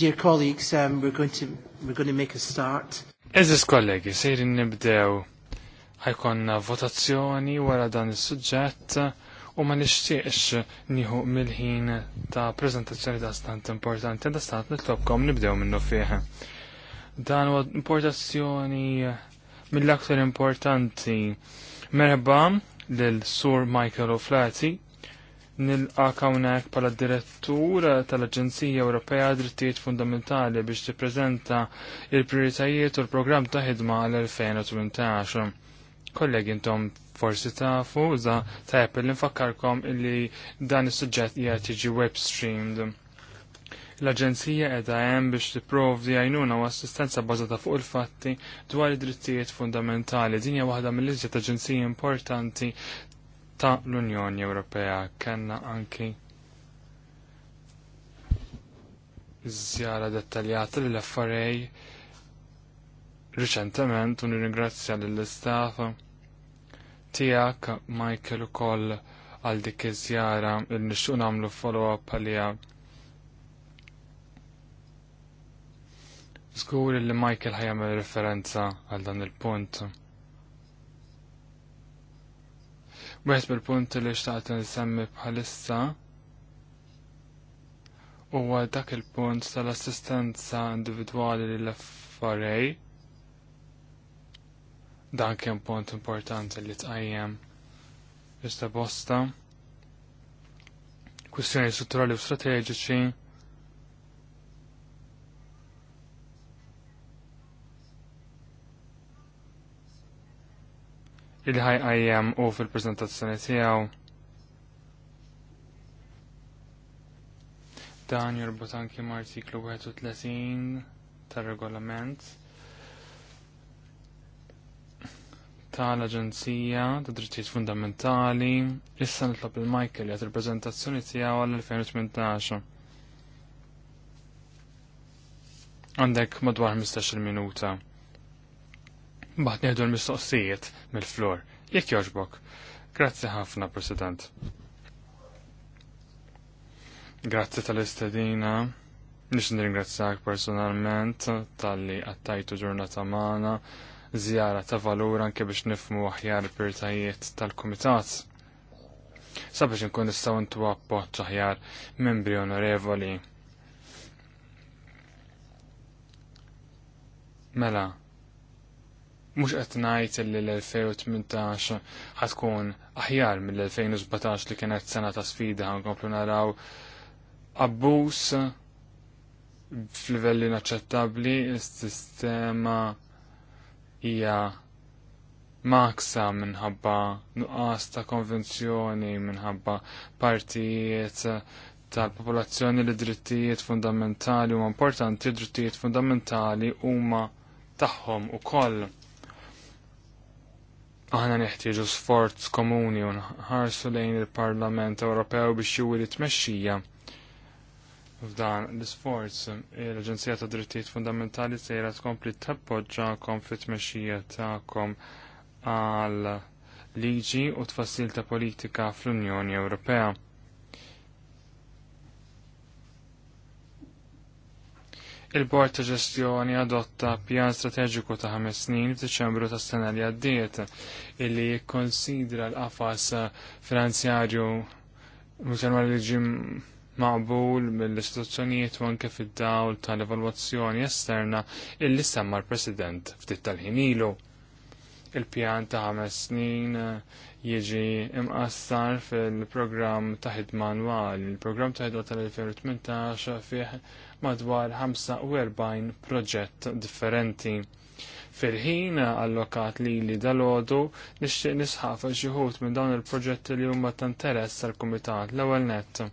Dear colleagues, um, we're, going to, we're going to make a start. Eżis kollegi, sejri nibdew ħajkonna votazzjoni wara dan is-suġġett u ma nixtieqx nieħu mill-ħin ta' prezentazzjoni ta' stant importanti ta' stant nitlobkom nibdew minnu fieħ. Dan huwa importazzjoni mill-aktar importanti merħba lil Sur Michael O'Flaherty nilqak hawnhekk bħala direttur tal-Aġenzija Ewropea Drittijiet Fundamentali biex tippreżenta il prioritajiet u l-programm ta' ħidma għal-2018. Kollegi intom forsi ta' za ta' li nfakkarkom illi dan is-suġġett qiegħed jiġi web streamed. L-Aġenzija qiegħda hemm biex tipprovdi għajnuna u assistenza bażata fuq il-fatti dwar id-drittijiet fundamentali. Din hija waħda mill-iżjed aġenziji importanti ta' l-Unjoni Ewropea kellna anki żjara dettaljata l affarej riċentement u nirringrazzja lill-istaff tiegħek Michael ukoll għal dik iż-żjara li nixtieq nagħmlu follow-up għaliha. Żgur li Michael ħajjagħmel referenza għal dan il-punt. Wieħed mill-punt li xtaqt nsemmi bħalissa huwa dak il-punt tal-assistenza individwali lill affarej Dan kien punt importanti li tqajjem iżda bosta kwistjoni strutturali u strateġiċi il-ħajqajjem u fil-prezentazzjoni tiegħu. Dan jorbot anki ma' artiklu 31 tar-regolament tal-Aġenzija ta' Drittijiet Fundamentali issa nitlob il-Michael jgħat il-preżentazzjoni tiegħu għall-2018. Għandek madwar 15-il minuta. Baħt nieħdu l-mistoqsijiet mill-flor. Jekk joġbok. Grazzi ħafna, President. Grazzi tal-istedina. Nix nirringrazzjak personalment tal-li għattajtu ġurnata maħna zjara ta' valur anke biex nifmu aħjar pirtajiet tal-Kumitat. Sabiex nkun nistgħu intu appoġġ aħjar membri onorevoli. Mela, mux għetnajt li l-2018 ħatkun aħjar mill-2017 li kienet sena ta' sfida komplu naraw abbus f'livelli naċċettabli s-sistema hija maksa minħabba nuqqas ta' konvenzjoni minħabba partijiet tal-popolazzjoni li drittijiet fundamentali huma importanti, drittijiet fundamentali huma tagħhom ukoll aħna neħtieġu sforz komuni u nħarsu lejn il-Parlament Ewropew biex juri tmexxija. F'dan l-isforz, l-Aġenzija ta' Drittijiet Fundamentali sejra tkompli tappoġġakom fit-tmexxija tagħkom għal liġi u tfassil ta' politika fl-Unjoni Ewropea. Il-Bord ta' ġestjoni adotta pjan strateġiku ta' ħames snin f'Diċembru ta' sena li għaddiet illi jikkonsidra l-qafas finanzjarju mutanwar li ġim maqbul mill-istituzzjonijiet u anke fid-dawl tal-evalwazzjoni esterna illi semma l-President ftit tal-ħinilu. Il-pjan ta' ħames snin jieġi imqassar fil-programm ta' ħidma annwali. Il-programm ta' ħidma tal-2018 fih madwar 45 proġett differenti. Fil-ħin allokat li li dal-ħodu nixtieq nisħaf ġiħut minn dawn il-proġetti li huma ta' interess għal-Kumitat l-ewwel net.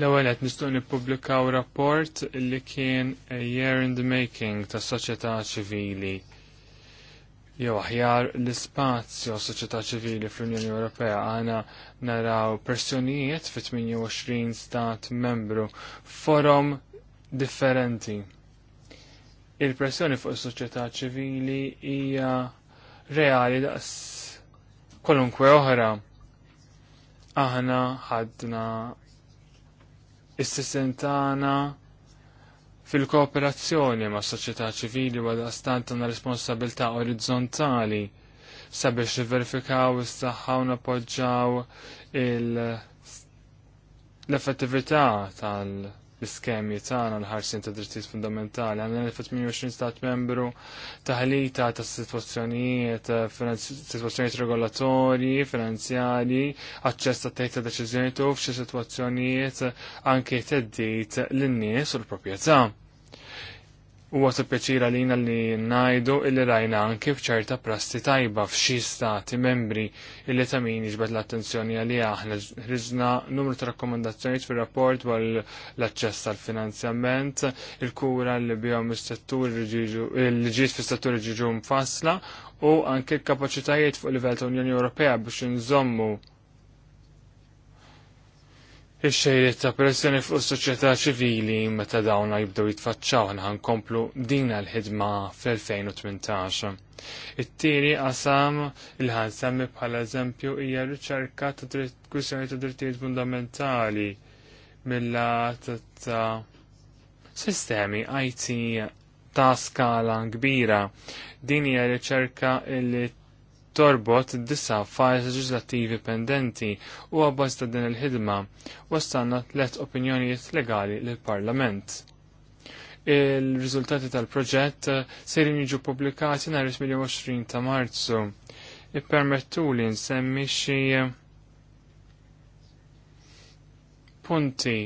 L-ewwel qed nistgħu nippubblikaw rapport li kien a year in the making tas soċjetà ċivili jew aħjar l-ispazju soċjetà ċivili fl-Unjoni Ewropea għana naraw pressjonijiet fit 28 stat membru forum differenti. Il-pressjoni fuq is-soċjetà ċivili hija reali daqs kolunkwe oħra. Aħna ħadna is-sistentana Fil-kooperazzjoni ma' soċjetà ċivili u għadastant astant għandna responsabilità orizzontali sabiex verifikaw is-saħħa u nappoġġaw l-effettività tal-iskemi tagħna l-ħarsin ta' drittijiet fundamentali għandna l stat membru taħlita ta' sitwazzjonijiet eh, sitwazzjonijiet regolatorji, finanzjali, aċċess ta' tejta deċiżjoni u f'xi sitwazzjonijiet anke teddit lin-nies u l-proprjetà. U għatu pjaċira li jina li najdu illi rajna anki fċerta prasti tajba f'xi stati membri illi tamini ġbet l-attenzjoni għalli aħna ħriġna numru ta' rakkomandazzjoni fil rapport dwar l-aċċess għal finanzjament il-kura li bjom il-ġiet fil-settur ġiġu mfassla u anki l-kapacitajiet fuq livell ta' Unjoni Ewropea biex nżommu ix-xejriet ta' pressjoni fuq is-soċjetà ċivili meta dawna jibdew jitfaċċaw komplu din l-ħidma fl-2018. It-tieni qasam il ħansemmi bħala eżempju hija riċerka ta' kwistjoni ta' drittijiet fundamentali mill ta' sistemi IT ta' skala kbira. Din hija riċerka li torbot disa fajs leġislattivi pendenti u għabbaż ta' din il-ħidma wastanna tlet opinjonijiet legali lill-Parlament. Il-riżultati tal-proġett serin jiġu publikati nhar 28 ta' Marzu. Ippermettu li nsemmi xi punti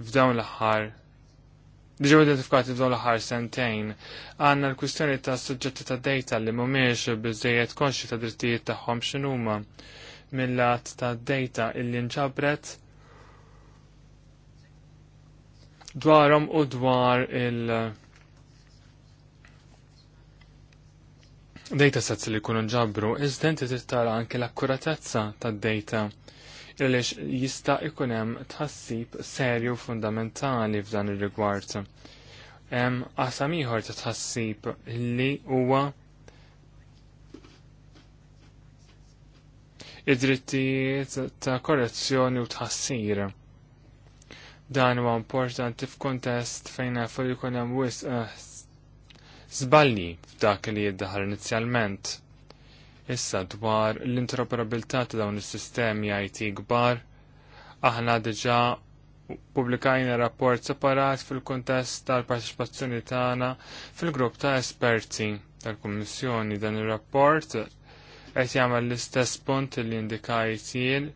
f'dawn l-aħħar Diġu identifikati f'dawn l ħar sentejn. Għandna l-kwistjoni ta' suġġetti ta' data li mhumiex biżejjed konxi ta' drittijiet tagħhom x'inhuma mill-lat ta' data illi nġabret dwarhom u dwar il- data sets li kunu ġabru, iżda inti tara anke l-akkuratezza tad-data għaliex jista' ikun hemm tħassib serju fundamentali f'dan ir-rigward. Hemm qasam ieħor ta' tħassib li huwa id-drittijiet ta' korrezzjoni u tħassir. Dan huwa importanti f'kuntest fejn nafu li jkun hemm wisq eh, zballi f'dak li jiddaħħal inizjalment Issa dwar l-interoperabilità ta' dawn is-sistemi IT kbar, aħna diġà pubblikajna rapport separat fil-kontest tal-parteċipazzjoni tagħna fil-grupp ta' esperti tal-Kummissjoni dan ir-rapport qed jagħmel l-istess punt li indikajt jien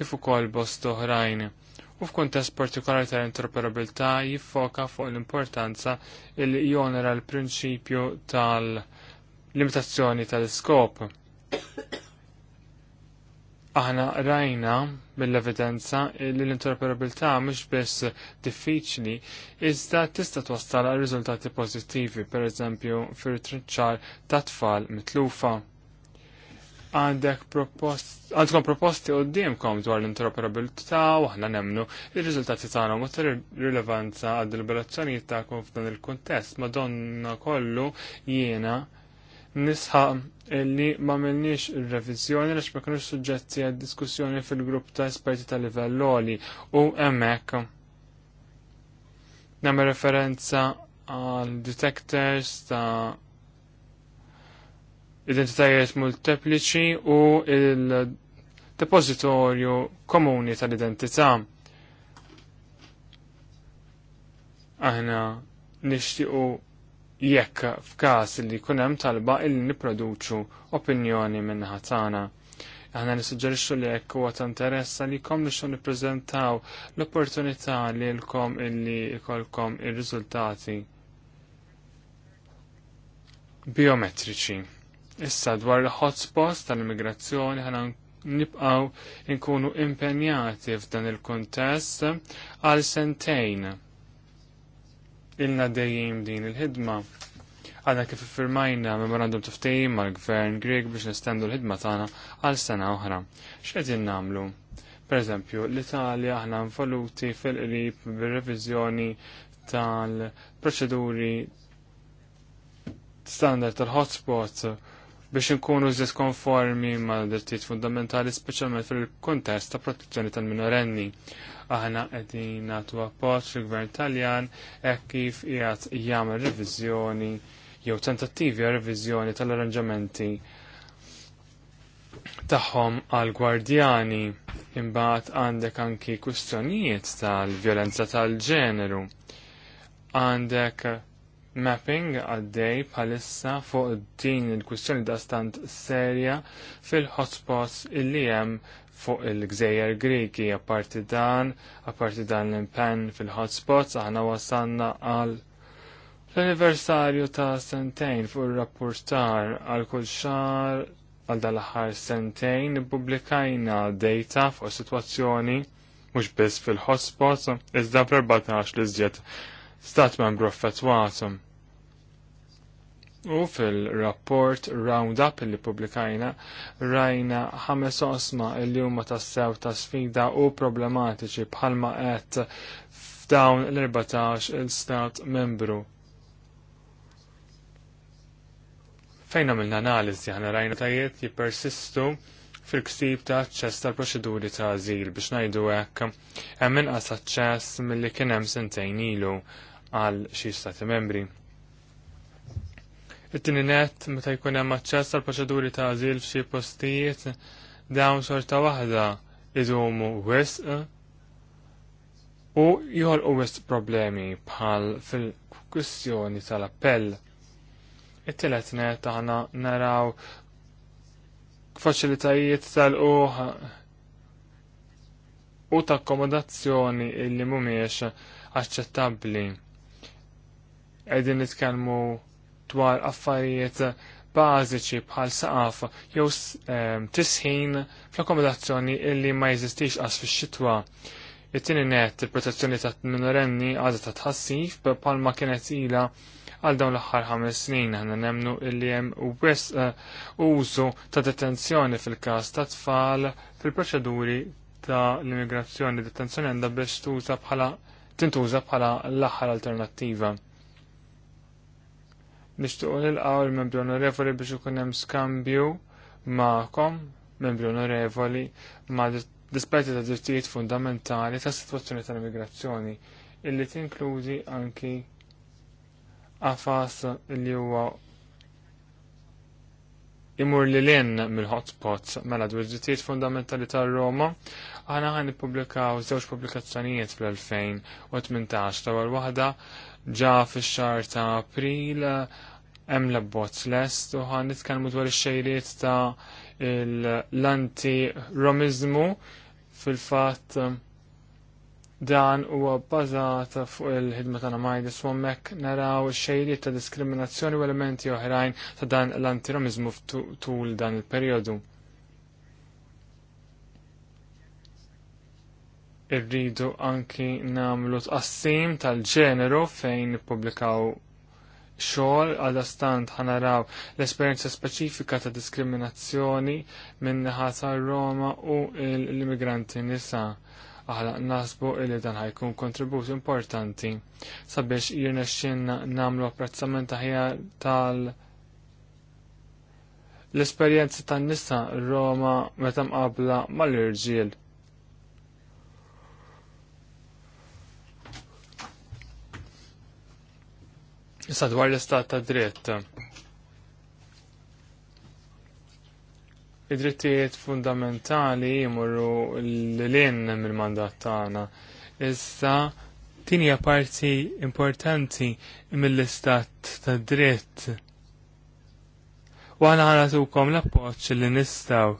kif ukoll bost oħrajn u f'kuntest partikolari tal-interoperabilità jiffoka fuq l-importanza li jonera l-prinċipju tal-limitazzjoni tal-iskop. Aħna rajna mill-evidenza li l-interoperabilità mhux biss diffiċli, iżda tista' twassal għal riżultati pożittivi, pereżempju fir triċċar ta' tfal mitlufa. Għandek propost, għandkom proposti għoddimkom dwar l-interoperabilità u aħna nemnu il-riżultati tagħna ma rilevanza għad deliberazzjonijiet tagħkom f'dan il-kuntest, madonna kollu jiena nisħaq illi ma milniex il-revizjoni lex ma kienux suġġetti għad diskussjoni fil-grupp ta' esperti ta' livell u emmek. Namme referenza għal detectors ta' identitajiet multipliċi u il-depozitorju komuni tal-identità. Aħna nixtiequ jekk f'każ li jkun hemm talba illi nipproduċu opinjoni minnaħa tagħna. Aħna nissuġġerixxu li jekk huwa ta' li għalikom li xo nippreżentaw l-opportunità li illi jkollkom ir-riżultati biometriċi. Issa dwar il-hotspots tal-immigrazzjoni ħana nibqaw nkunu impenjati f'dan il-kontest għal sentejn ilna dejjem din il-ħidma. Għadna kif firmajna memorandum taftejim mal gvern Grek biex nestendu l-ħidma tagħna għal sena oħra. X'qegħdin nagħmlu? Per eżempju, l-Italja aħna involuti fil-qrib bir-reviżjoni tal-proċeduri standard tal-hotspot biex inkunu żis konformi ma' drittijiet fundamentali speċjalment fil kontest ta' protezzjoni tal-minorenni. Aħna qegħdin nagħtu appoġġ fil-Gvern Taljan hekk kif qiegħed jagħmel reviżjoni jew tentattivi għal reviżjoni tal-arranġamenti tagħhom għal gwardjani imbagħad għandek anki kwistjonijiet tal-vjolenza tal-ġeneru. Għandek mapping għaddej bħalissa fuq din il-kwistjoni da stant serja fil-hotspots illi hemm fuq il-gżejjer Griki, apparti dan, apparti dan l-impenn fil-hotspots, aħna wasanna għal l-anniversarju ta' sentejn fuq il-rapportar għal kull għal dal-ħar sentejn publikajna data fuq situazzjoni mhux biss fil-hotspots, iżda fl-14 li izjet stat membru fetwasum. U fil-rapport Roundup li publikajna rajna ħames osma li huma tassew ta' sfida u problematiċi bħalma qed f'dawn l-14 il-stat membru. Fejn għamilna analiżi ħana rajna tajiet jippersistu fil-ksib ta' aċċess tal-proċeduri ta' azil biex ngħidu hekk hemm inqas aċċess milli kien hemm sentejn ilu għal xi stati membri. It-tini net meta jkun hemm aċċess għal proċeduri ta' ażil f'xi postijiet dawn sorta waħda iżumu wisq u jħolqu wisq problemi bħal fil-kwistjoni tal-appell. It-tielet net aħna naraw faċilitajiet tal-uħ u ta' akkomodazzjoni illi mumiex aċċettabbli. Qegħdin nitkellmu dwar affarijiet bażiċi bħal saqaf jew ehm, tisħin fl-akkomodazzjoni illi ma jeżistix qas fix-xitwa. It-tieni net il-protezzjoni ta' minorenni għadha ta' tħassif bħalma kienet ila għal dawn l-aħħar ħames snin għanna nemnu illi hemm wis eh, użu ta' detenzjoni fil-każ ta' tfal fil-proċeduri ta' l-immigrazzjoni detenzjoni għandha biex tuża bħala tintuża bħala l-aħħar alternattiva Nixtuqu nilqaw il-membri onorevoli biex ikun hemm skambju ma'kom, membri onorevoli, ma' dispetti ta' drittijiet fundamentali ta' situazzjoni tal-immigrazzjoni illi tinkludi anki għafas li huwa imur li l-in mill-hotspots mela dwar drittijiet fundamentali ta' Roma, għana għan publikaw zewġ publikazzjonijiet fl-2018 ta' waħda ġa fix-xahar ta' April hemm l-abbozz lest u ħan nitkellmu dwar ix-xejriet ta' l-anti-romizmu fil-fatt dan huwa bbażat fuq il-ħidma tagħna majdis u hemmhekk naraw xejriet ta' diskriminazzjoni u elementi oħrajn ta' dan l-antiromizmu tul dan il-perjodu. irridu anki namlu tqassim tal-ġeneru fejn publikaw xogħol għal astant ħanaraw l-esperjenza speċifika ta' diskriminazzjoni minn tar Roma u l-immigranti nisa. Aħna nasbu li dan ħajkun kontribut importanti sabiex jirnexxinna namlu apprezzament aħjar tal- l esperjenza tan-nisa Roma meta mqabla mal-irġiel Issa dwar l-istat ta' dritt. Id-drittijiet fundamentali jimurru l-lin mill-mandat tagħna. Issa tinja parti importanti mill-istat ta' dritt. U għana għanatukom l-appoċ li nistaw.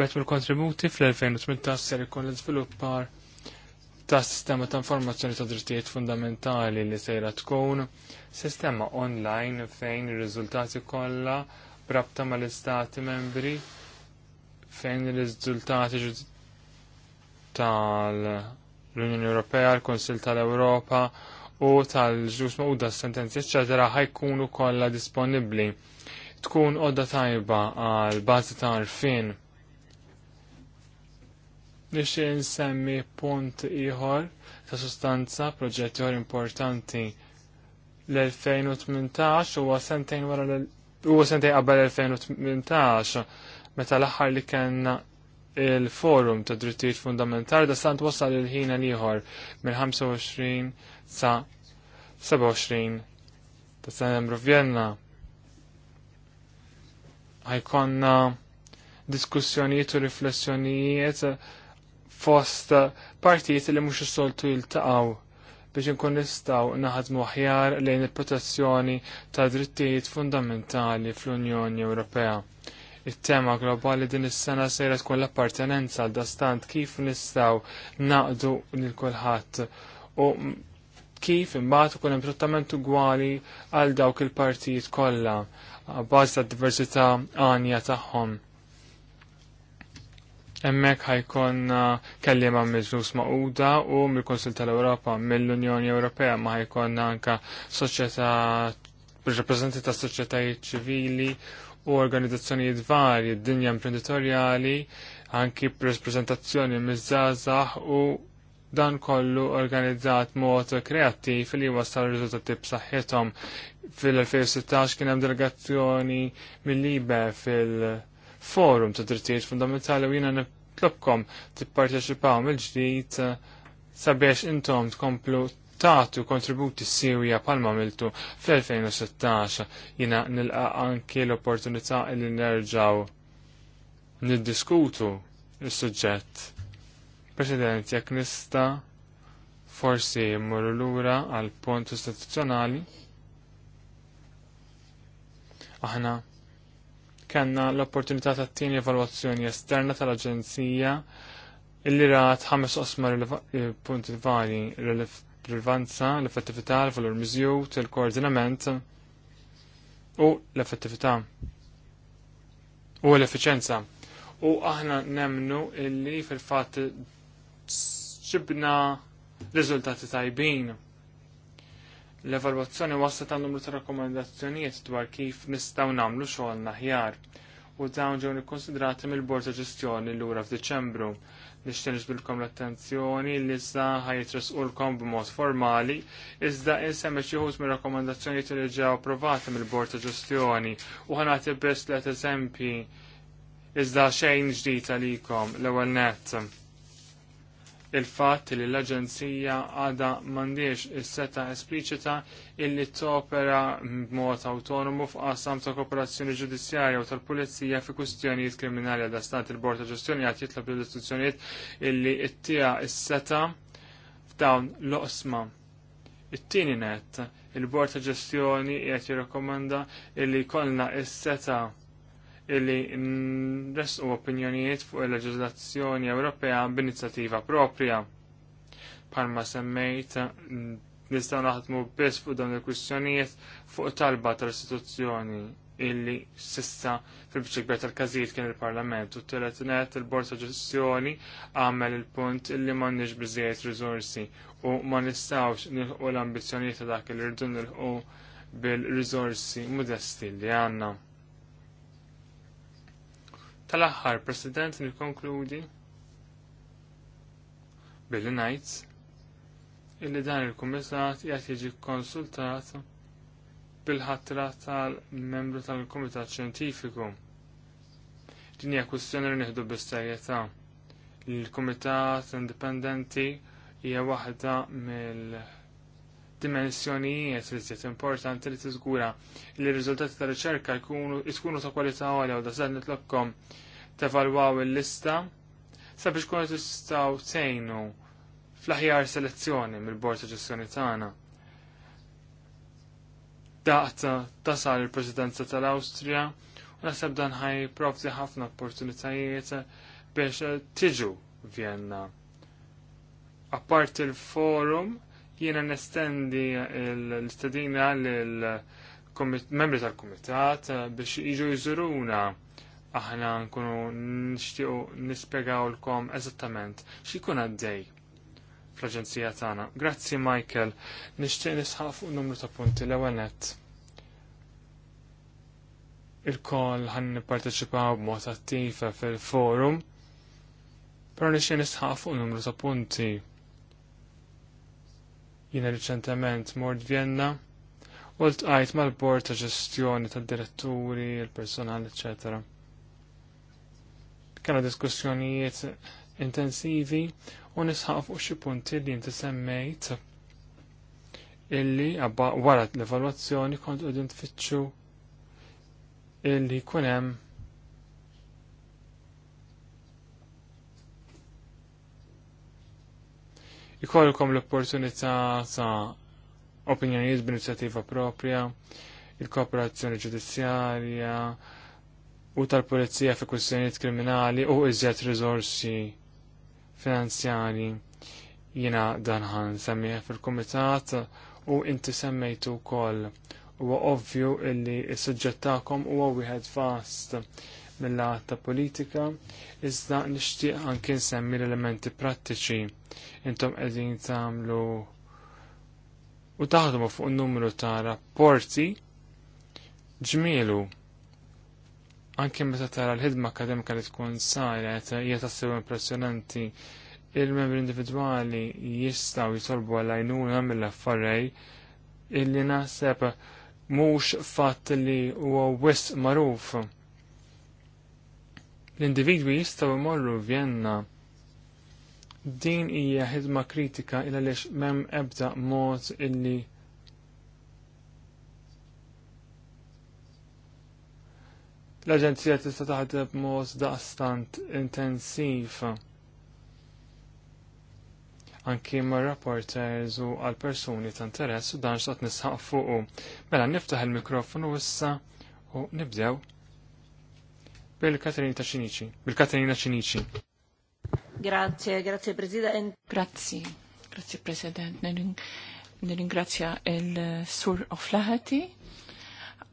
Wet mill-kontributi fl-2018 ser ikun l-izviluppar ta' sistema ta' informazzjoni ta' drittijiet fundamentali li sejra tkun sistema online fejn ir-riżultati kollha brabta mal-istati membri fejn ir-riżultati tal-Unjoni Ewropea, l-Konsil tal-Ewropa u tal-ġus mawda sentenzi, eccetera, ħajkunu kollha disponibbli. Tkun odda tajba għal bażi ta' fin biex insemmi punt ieħor ta' sustanza proġett ieħor importanti l-2018 u sentejn wara huwa sentejn qabel 2018 meta l-aħħar li kena il-forum ta' drittijiet fundamentali da sant wasal il-ħin ieħor minn 25 sa 27 ta' Sanembru f'Vjenna. Għajkonna diskussjonijiet u riflessjonijiet fost partijiet li mhux is-soltu jiltaqgħu biex inkun nistgħu naħadmu aħjar lejn il-protezzjoni ta' drittijiet fundamentali fl-Unjoni Ewropea. It-tema globali din is-sena sejra tkun l-appartenenza għal dastant kif nistgħu naqdu lil kulħadd u kif imbagħad ukoll hemm trattament ugwali għal dawk il-partijiet kollha baż tad diversità għanja tagħhom. Emmek ħajkonna uh, kellima mill-ġnus maquda u mill-Konsil tal-Europa, mill-Unjoni Ewropea ma ħajkon anka soċjetà reprezenti ta' soċjetajiet ċivili u organizzazzjonijiet varji, dinja imprenditorjali, anki prezentazzjoni miż u dan kollu organizzat mod kreattiv li wasal riżultati b'saħħithom. Fil-2016 kien hemm delegazzjoni mill-Libe fil-, -fil forum ta' drittijiet fundamentali u jiena nitlobkom tipparteċipaw mill-ġdid eh, sabiex intom tkomplu tagħtu kontributi siwja palma miltu fl-2016 jiena nilqa anki l-opportunità li nerġaw niddiskutu il-suġġett. President, jekk nista forsi l lura għal punt istituzzjonali. Aħna kanna l-opportunità ta' tieni evalwazzjoni esterna tal-Aġenzija illi rat ħames osma punti vari rilevanza, l-effettività, l-valur miżjut, il-koordinament u l-effettività u l-efficienza. U aħna nemnu illi fil-fatt ġibna riżultati tajbin L-evalwazzjoni waslet għal numru ta' rakkomandazzjonijiet dwar kif nistgħu nagħmlu xogħol naħjar, u dawn ġew nikkonsidrati mill-Bord ta' Ġestjoni lura f'Diċembru. Nixtieq niġbilkom l-attenzjoni li sa ħajtresqulkom b'mod formali iżda insemmi xi wħud mir-rakkomandazzjonijiet li ġew approvati mill-Bord ta' Ġestjoni u ħanati biss l eżempji iżda xejn ġdid għalikom l-ewwel nett il-fatt li l-Aġenzija għada mandiex is-seta espliċita illi topera b'mod autonomu f'qasam ta' kooperazzjoni ġudizzjarja u tal-pulizija fi kustjonijiet kriminali għada stant il-Bord ta' Ġestjoni għad jitlab l-istituzzjonijiet illi it-tija is-seta f'dawn l-osma. It-tieni net, il-Bord ta' Ġestjoni qed jirrakkomanda illi kollna is-seta' illi nresqu opinjonijiet fuq il-leġislazzjoni Ewropea b'inizjattiva propria. Parma semmejt nistgħu naħdmu biss fuq dawn il-kwistjonijiet fuq talba tal-istituzzjoni illi sissa fil-bċikbet tal-każijiet kien il-Parlament u t-telet il-Bord ta' Ġestjoni għamel il-punt illi m'għandniex biżejjed rizorsi u ma nistgħux nilħu l-ambizzjonijiet ta' dak il-irdun nilħu bil-rizorsi modesti li għanna. Tal-aħħar, President, nikkonkludi billi ngħid illi dan il-Kumitat qiegħed jiġi konsultat bil-ħatra tal-membru tal-Kumitat Xjentifiku. Din hija kwistjoni li nieħdu bis Il-Kumitat Indipendenti hija waħda mill- dimensjonijiet iżjed importanti li tiżgura li r-riżultati ta' riċerka jkunu ta' kwalità għolja u da' zed nitlokkom tevalwaw il-lista sabiex kunu tistaw tejnu fl-aħjar selezzjoni mill-bord ta' ġestjoni tagħna. Daqt tasal il-Presidenza tal-Awstrija u naħseb dan ħaj provdi ħafna opportunitajiet biex tiġu Vienna. Apart il-forum, Jiena nestendi l-istadina l-membri tal-komitat biex iġu jżuruna aħna nkunu nixtiequ nispjegaw lkom eżattament x'ikun għaddej fl-Aġenzija tagħna. Grazzi Michael, nixtieq nisħaq fuq numru ta' punti l-ewwel Il-koll ħan nipparteċipaw b'mod attiv fil-forum, però nixtieq nisħaq fuq numru ta' punti Jiena riċentement mort Vienna u l-tqajt mal-bord ta' ġestjoni tad diretturi il-personal, etc. Kena diskussjonijiet intensivi u nisħaq fuq xi punti li inti semmejt illi wara l-evalwazzjoni kont qegħdin tfittxu illi jkun hemm ikolkom l-opportunità ta' opinjonijiet b'inizjattiva propja, il-kooperazzjoni ġudizzjarja u tal-polizija fi kwistjonijiet kriminali u iżjed riżorsi finanzjari jina danħan semmiħ fil-komitat u inti semmejtu kol u ovvju illi s-sujġettakom u wieħed fast mill-għat ta' politika, iżda nixtieq anke nsemmi l-elementi prattiċi intom qegħdin tagħmlu u taħdmu fuq numru ta' rapporti ġmielu anke meta tara l-ħidma akademika li tkun sajret hija tassew impressjonanti il-membri individwali jistgħu jitolbu għal-għajnuna mill-affarej illi naħseb mhux fatt li huwa wisq magħruf L-individwi jistgħu jmorru Vienna din hija ħidma kritika illa għaliex m'hemm ebda mod illi l-Aġenzija tista' taħdem mod daqstant intensiv anki ma' rapporters u għal persuni ta' interess u dan x'qed nisħaq fuqu. Mela niftaħ il-mikrofonu issa u nibdew bil Ċinici. bil Ċinici. Grazie, grazie President. Grazie, grazie Nirringrazzja il-Sur Oflahati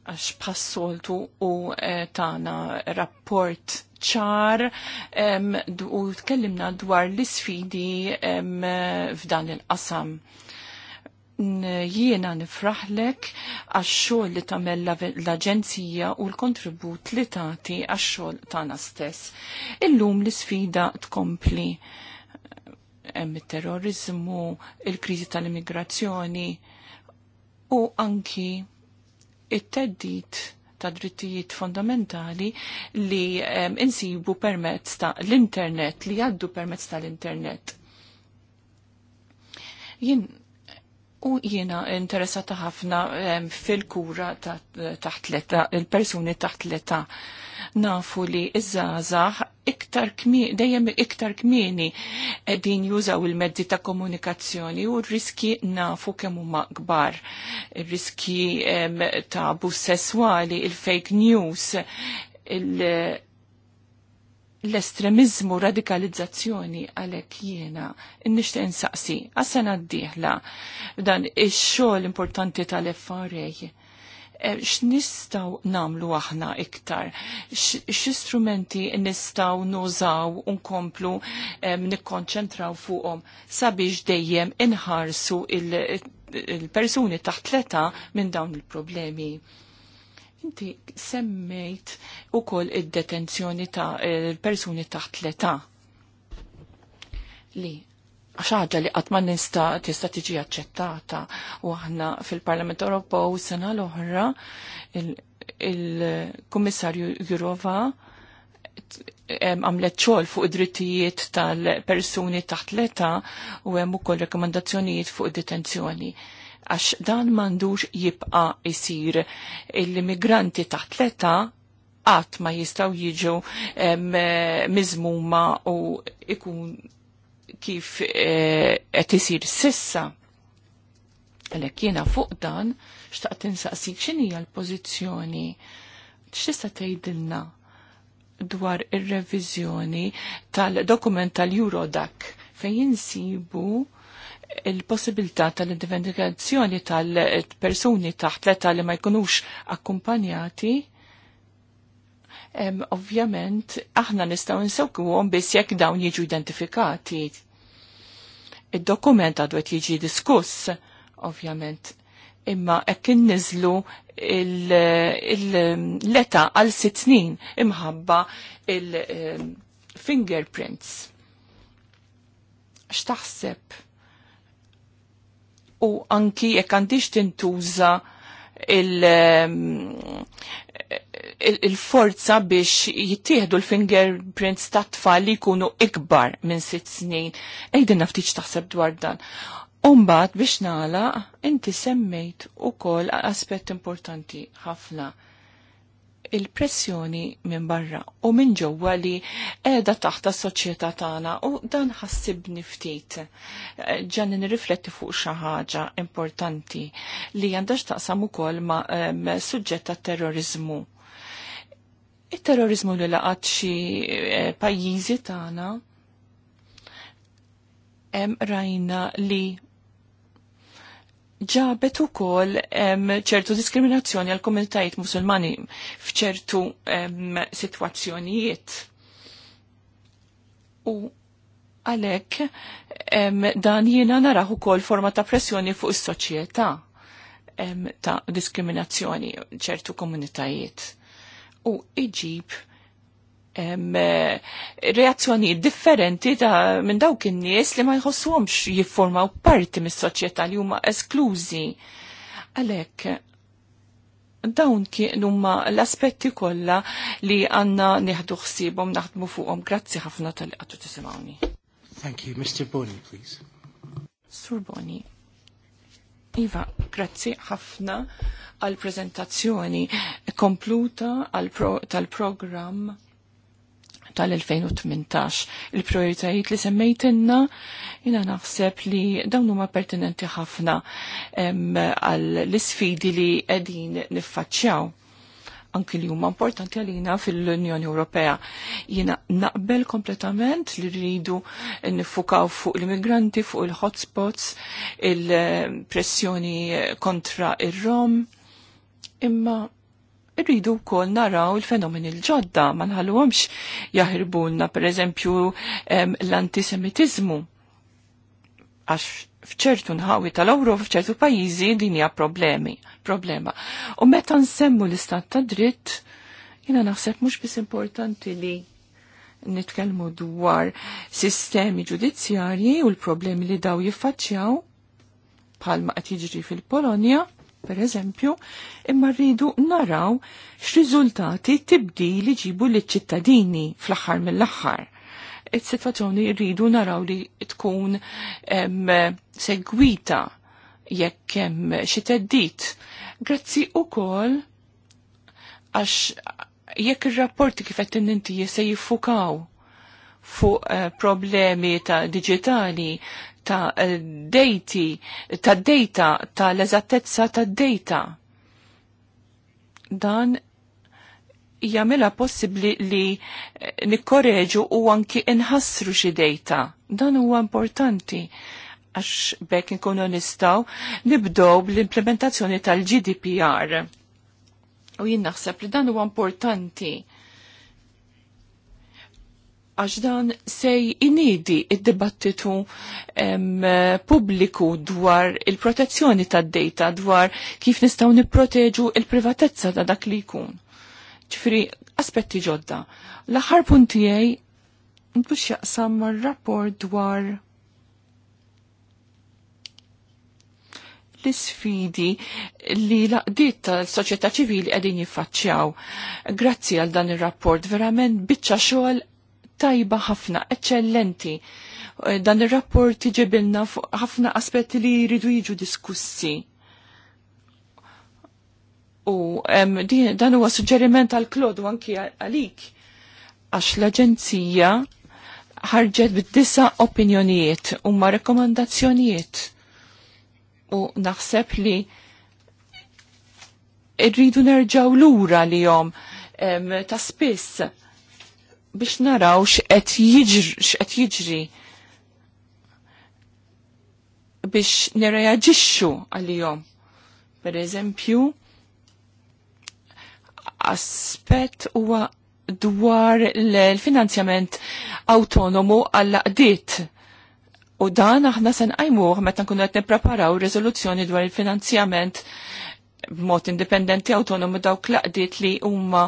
għax passoltu u eh, tana rapport ċar u tkellimna dwar l-sfidi f'dan il-qasam jiena nifraħlek għax-xogħol li tagħmel l-Aġenzija u l-kontribut li tagħti għax-xogħol tagħna stess. Illum l-isfida tkompli hemm it-terrorizmu, il-kriżi tal-immigrazzjoni u anki it-teddit ta' drittijiet fondamentali li um, insibu permezz ta' l-internet, li jaddu permezz tal internet Jien U jiena interessata ħafna fil-kura taħt l-età, il-persuni taħt l-età. Nafu li iż-żazax iktar kmini, dejjem iktar kmini din jużaw il-mezzi ta' komunikazzjoni u riski nafu kemm huma kbar. Riski ta' abus sesswali, il-fake news, il- l-estremizmu radikalizzazzjoni għalek jiena nishtiq insaqsi saqsi sena d-dieħla dan ix-xogħol importanti tal-FRA eh, x'nistgħu namlu aħna iktar, x'istrumenti nistgħu nużaw unkomplu eh, nikkonċentraw fuqhom sabiex dejjem inħarsu il-persuni taħt leta minn dawn il-problemi. il problemi Inti semmejt ukoll id-detenzjoni ta' persuni taħt l-età. Li ħaġa li qatt ma nista tista tiġi aċċettata u aħna fil-Parlament Ewropew sena l-oħra il-Kummissarju Jurova għamlet xogħol fuq id-drittijiet tal-persuni taħt l-età u hemm ukoll rekomandazzjonijiet fuq id-detenzjoni għax dan mandux jibqa isir l-immigranti taħt l-età għat ma jistaw jiġu eh, mizmuma u ikun kif eh, qed isir sissa. Għalek jena fuq dan, xtaqt insaqsi ċinija l-pozizjoni, xtista tgħidilna dwar ir-reviżjoni tal-dokument tal-Eurodac fejn jinsibu il-possibilità tal-indivendikazzjoni tal-persuni taħt l-età li ma jkunux akkumpanjati, ovvjament aħna nistgħu nsewku għom biss jekk dawn jiġu identifikati. Id-dokument għadu għet jiġi diskuss, ovvjament, imma hekk inniżlu l-età għal sitt snin imħabba il-fingerprints. X'taħseb? u anki jekk għandix tintuża il-forza ehm, il, il biex jittieħdu l-fingerprints ta' tfal li jkunu ikbar minn sitt snin. Ejden naftiċ taħseb dwar dan. Umbat biex nala, inti semmejt u kol aspet importanti ħafna il-pressjoni minn barra u minn ġewwa li qiegħda taħt tas-soċjetà tagħna u dan ħassibni ftit. Ġani nirrifletti fuq xi ħaġa importanti li għandax taqsam ukoll ma' suġġett tat-terrorizmu. Il-terrorizmu li laqat xi eh, pajjiżi tagħna hemm rajna li ġabet u kol ċertu diskriminazzjoni għal komunitajiet musulmani fċertu situazzjonijiet. U għalek dan jiena narah u kol forma ta' pressjoni fuq is-soċjetà ta' diskriminazzjoni ċertu komunitajiet. U iġib Eh, reazzjoni differenti ta' minn dawk in-nies li ma jħossuhomx jiffurmaw parti mis-soċjetà li huma esklużi. Għalhekk dawn kien huma l-aspetti kollha li għandna nieħdu ħsiebhom naħdmu fuqhom. Grazzi ħafna tal qattu tisimgħuni. Thank you, Mr. Boni, please. Sur Boni. Iva, grazzi ħafna għal prezentazzjoni kompluta tal-programm tal-2018. Il-prioritajiet li semmejtinna jina naħseb li dawn huma pertinenti ħafna għall-isfidi li qegħdin niffaċċjaw anki li huma importanti għalina fil-Unjoni Ewropea. Jiena naqbel kompletament li rridu nifukaw fuq l-immigranti, fuq il-hotspots, il-pressjoni kontra ir-Rom, imma irridu wkoll naraw il-fenomeni l-ġodda ma nħalluhomx per pereżempju l-antisemitiżmu. Għax fċertu nħawi tal-Ewro fċertu pajjiżi din hija problemi, problema. U meta nsemmu l-istat ta' dritt, jina naħseb mhux biss importanti li nitkellmu dwar sistemi ġudizzjarji u l-problemi li daw jiffaċċjaw bħalma qed jiġri fil-Polonja, per eżempju, imma rridu naraw x'riżultati tibdili ġibu li ċittadini fl-aħħar mill-aħħar. Is-sitwazzjoni rridu naraw li tkun em, segwita jekk hemm xi teddit. Grazzi ukoll għax jekk ir-rapporti kif qed inti se jiffukaw fuq eh, problemi ta' digitali ta' eh, dejti, ta' dejta, ta' l-eżattezza ta' dejta. Dan jamela possibli li eh, nikkoreġu u anki inħassru xi dejta. Dan huwa importanti għax bekk nkunu nistaw nibdow bl-implementazzjoni tal-GDPR. U jien naħseb li dan huwa importanti għax dan sej inidi id-dibattitu pubbliku dwar il-protezzjoni tad data dwar kif nistaw nipproteġu il-privatezza ta' dak li jkun. Ġifri, aspetti ġodda. L-aħħar punti għaj, nbux jaqsam mar-rapport dwar l-sfidi li laqdiet tal-soċjetà ċivili qegħdin jiffaċċjaw. Grazzi għal dan ir-rapport verament biċċa xogħol tajba ħafna, eccellenti. Eh, dan ir-rapport iġibilna fuq ħafna aspetti li jridu jiġu diskussi. U dan huwa suġġeriment għal Klodu anki għalik għax l-Aġenzija ħarġet bid-disa opinjonijiet u ma rekomandazzjonijiet. U naħseb li irridu nerġaw lura li jom ta' spiss biex naraw x'qed jiġri biex nirreaġixxu għalihom. Per eżempju, aspett huwa dwar l-finanzjament autonomu għall-qdiet. U dan aħna sen għajmuħ meta nkunu qed nippreparaw riżoluzzjoni dwar il-finanzjament b'mod indipendenti autonomu dawk l aqdiet li huma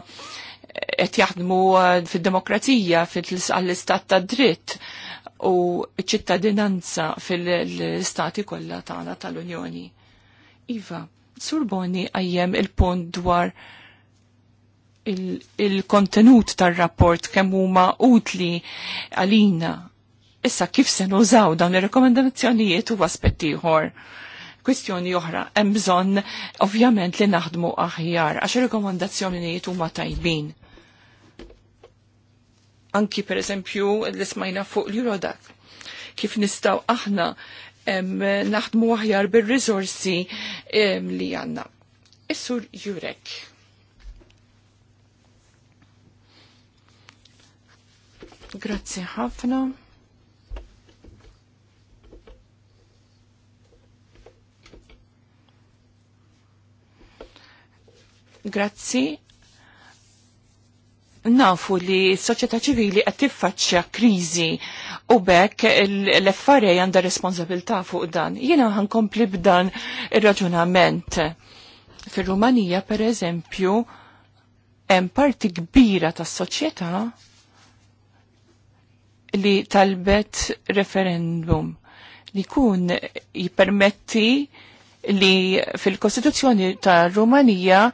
qed jaħdmu eh, fid-demokrazija għall-istat ta' dritt u ċittadinanza fil-istati kollha tagħna tal-Unjoni. Iva, Surboni għajjem il-punt dwar il-kontenut il tar-rapport kemm huma utli għalina. Issa kif se nużaw dawn ir-rekomendazzjonijiet u aspetti ieħor kwistjoni oħra, hemm bżonn ovvjament li naħdmu aħjar għax ir-rekomandazzjonijiet huma tajbin anki per eżempju l-ismajna fuq l-Eurodac. Kif nistaw aħna naħdmu aħjar bil-rizorsi li għanna. Isur Jurek. Grazzi ħafna. Grazzi nafu li s-soċjetà ċivili qed tiffaċċja kriżi u bekk l-FRA għandha responsabilità fuq dan. Jiena ħankompli b'dan ir-raġunament. Fir-Rumanija pereżempju hemm parti kbira tas-soċjetà li talbet referendum li kun jippermetti li fil-Kostituzzjoni ta' Rumanija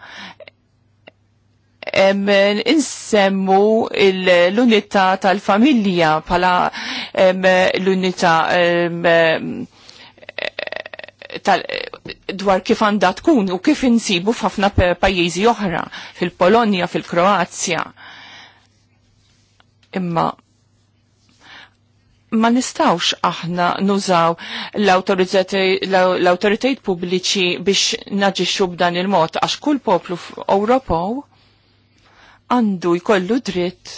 insemmu l-unità tal-familja pala l-unità tal dwar kif għandha tkun u kif insibu f'ħafna pajjiżi oħra, fil-Polonja, fil-Kroazja. Imma ma nistawx aħna nużaw l-autoritajt pubbliċi biex naġixxu b'dan il-mod għax kull poplu Ewropew għandu jkollu dritt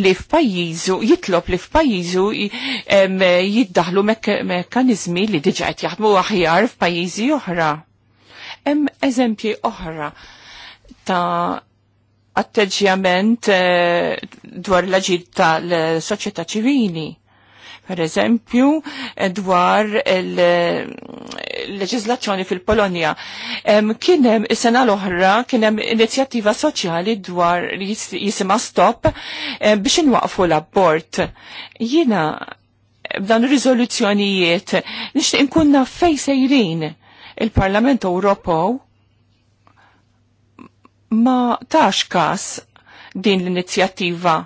li f'pajjiżu jitlob li f'pajjiżu jiddaħlu mekkanizmi li diġa qed jaħdmu aħjar f'pajjiżi oħra. Hemm eżempji oħra ta' atteġġjament eh, dwar l-aġir tal-soċjetà ċivili Per eżempju, dwar il-leġizlazzjoni fil-Polonja. Kienem is-sena l-oħra kienem inizjattiva soċjali dwar jisima stop biex inwaqfu l abort Jina b'dan riżoluzzjonijiet nixtieq nkun naf fej sejrin il-Parlament Ewropew ma tax kas din l-inizjattiva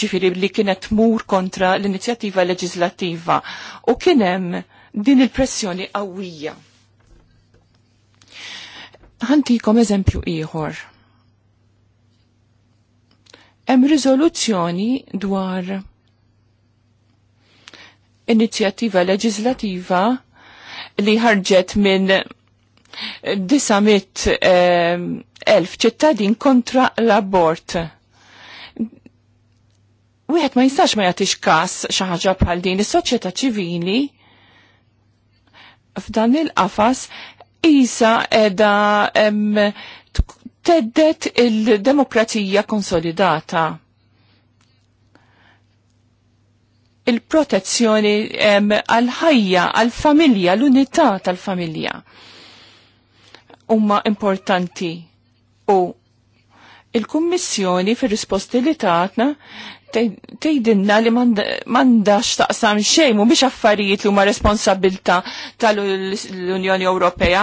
ġifiri li kienet mur kontra l-inizjattiva leġislativa u kienem din il-pressjoni qawwija. Ħantikom eżempju ieħor. Hemm riżoluzzjoni dwar inizjattiva leġislativa li ħarġet minn 900 eh, elf ċittadin kontra l-abort wieħed ma jistax ma jagħtix każ xi ħaġa bħal din is-soċjetà ċivili f'dan il-qafas isa edha teddet il-demokrazija konsolidata. Il-protezzjoni għal-ħajja, għal-familja, l-unità tal-familja huma importanti u il-Kummissjoni fir risposti li tatna tejdinna li mandax taqsam xejn u biex affarijiet li huma responsabilta tal-Unjoni Ewropea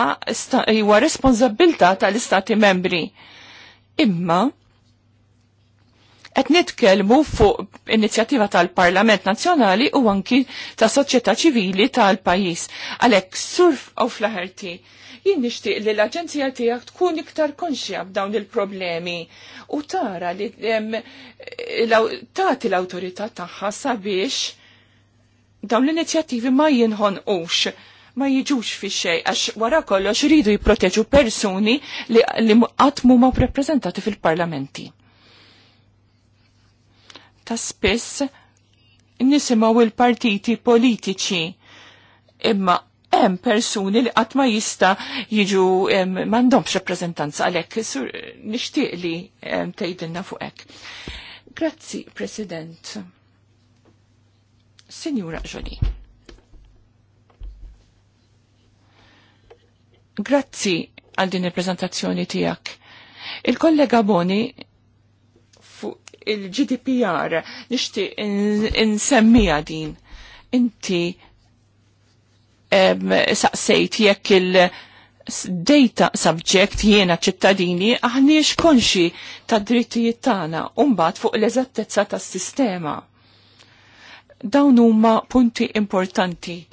huwa responsabilta tal-Istati membri. Imma qed nitkellmu fuq inizjattiva tal-Parlament Nazzjonali u anki ta' soċjetà ċivili tal-pajjiż. Għalhekk surf u fl-ħerti Jien nixtieq li l-aġenzija tiegħek tkun iktar konxja b'dawn il-problemi u tara li tagħti l-awtorità tagħha sabiex dawn l-inizjattivi ma jinħonqux ma jiġux fi xej, għax wara kollox rridu jipproteġu persuni li, li għatmu ma preprezentati fil-parlamenti. Ta' spess nisimaw il-partiti politiċi imma hemm persuni li qatt ma jista' jiġu m'għandhomx rappreżentanza għalhekk nixtieq li tgħidilna fuq hekk. Grazzi, President. Sinjura Ġoli. Grazzi għal din il-prezentazzjoni tiegħek. Il-kollega Boni fuq il-GDPR nixtieq insemmija din. Inti saqsejt jekk il- data subject jiena ċittadini aħniex konxi ta' drittijiet tagħna mbagħad fuq l-eżattezza tas-sistema. Dawn huma punti importanti.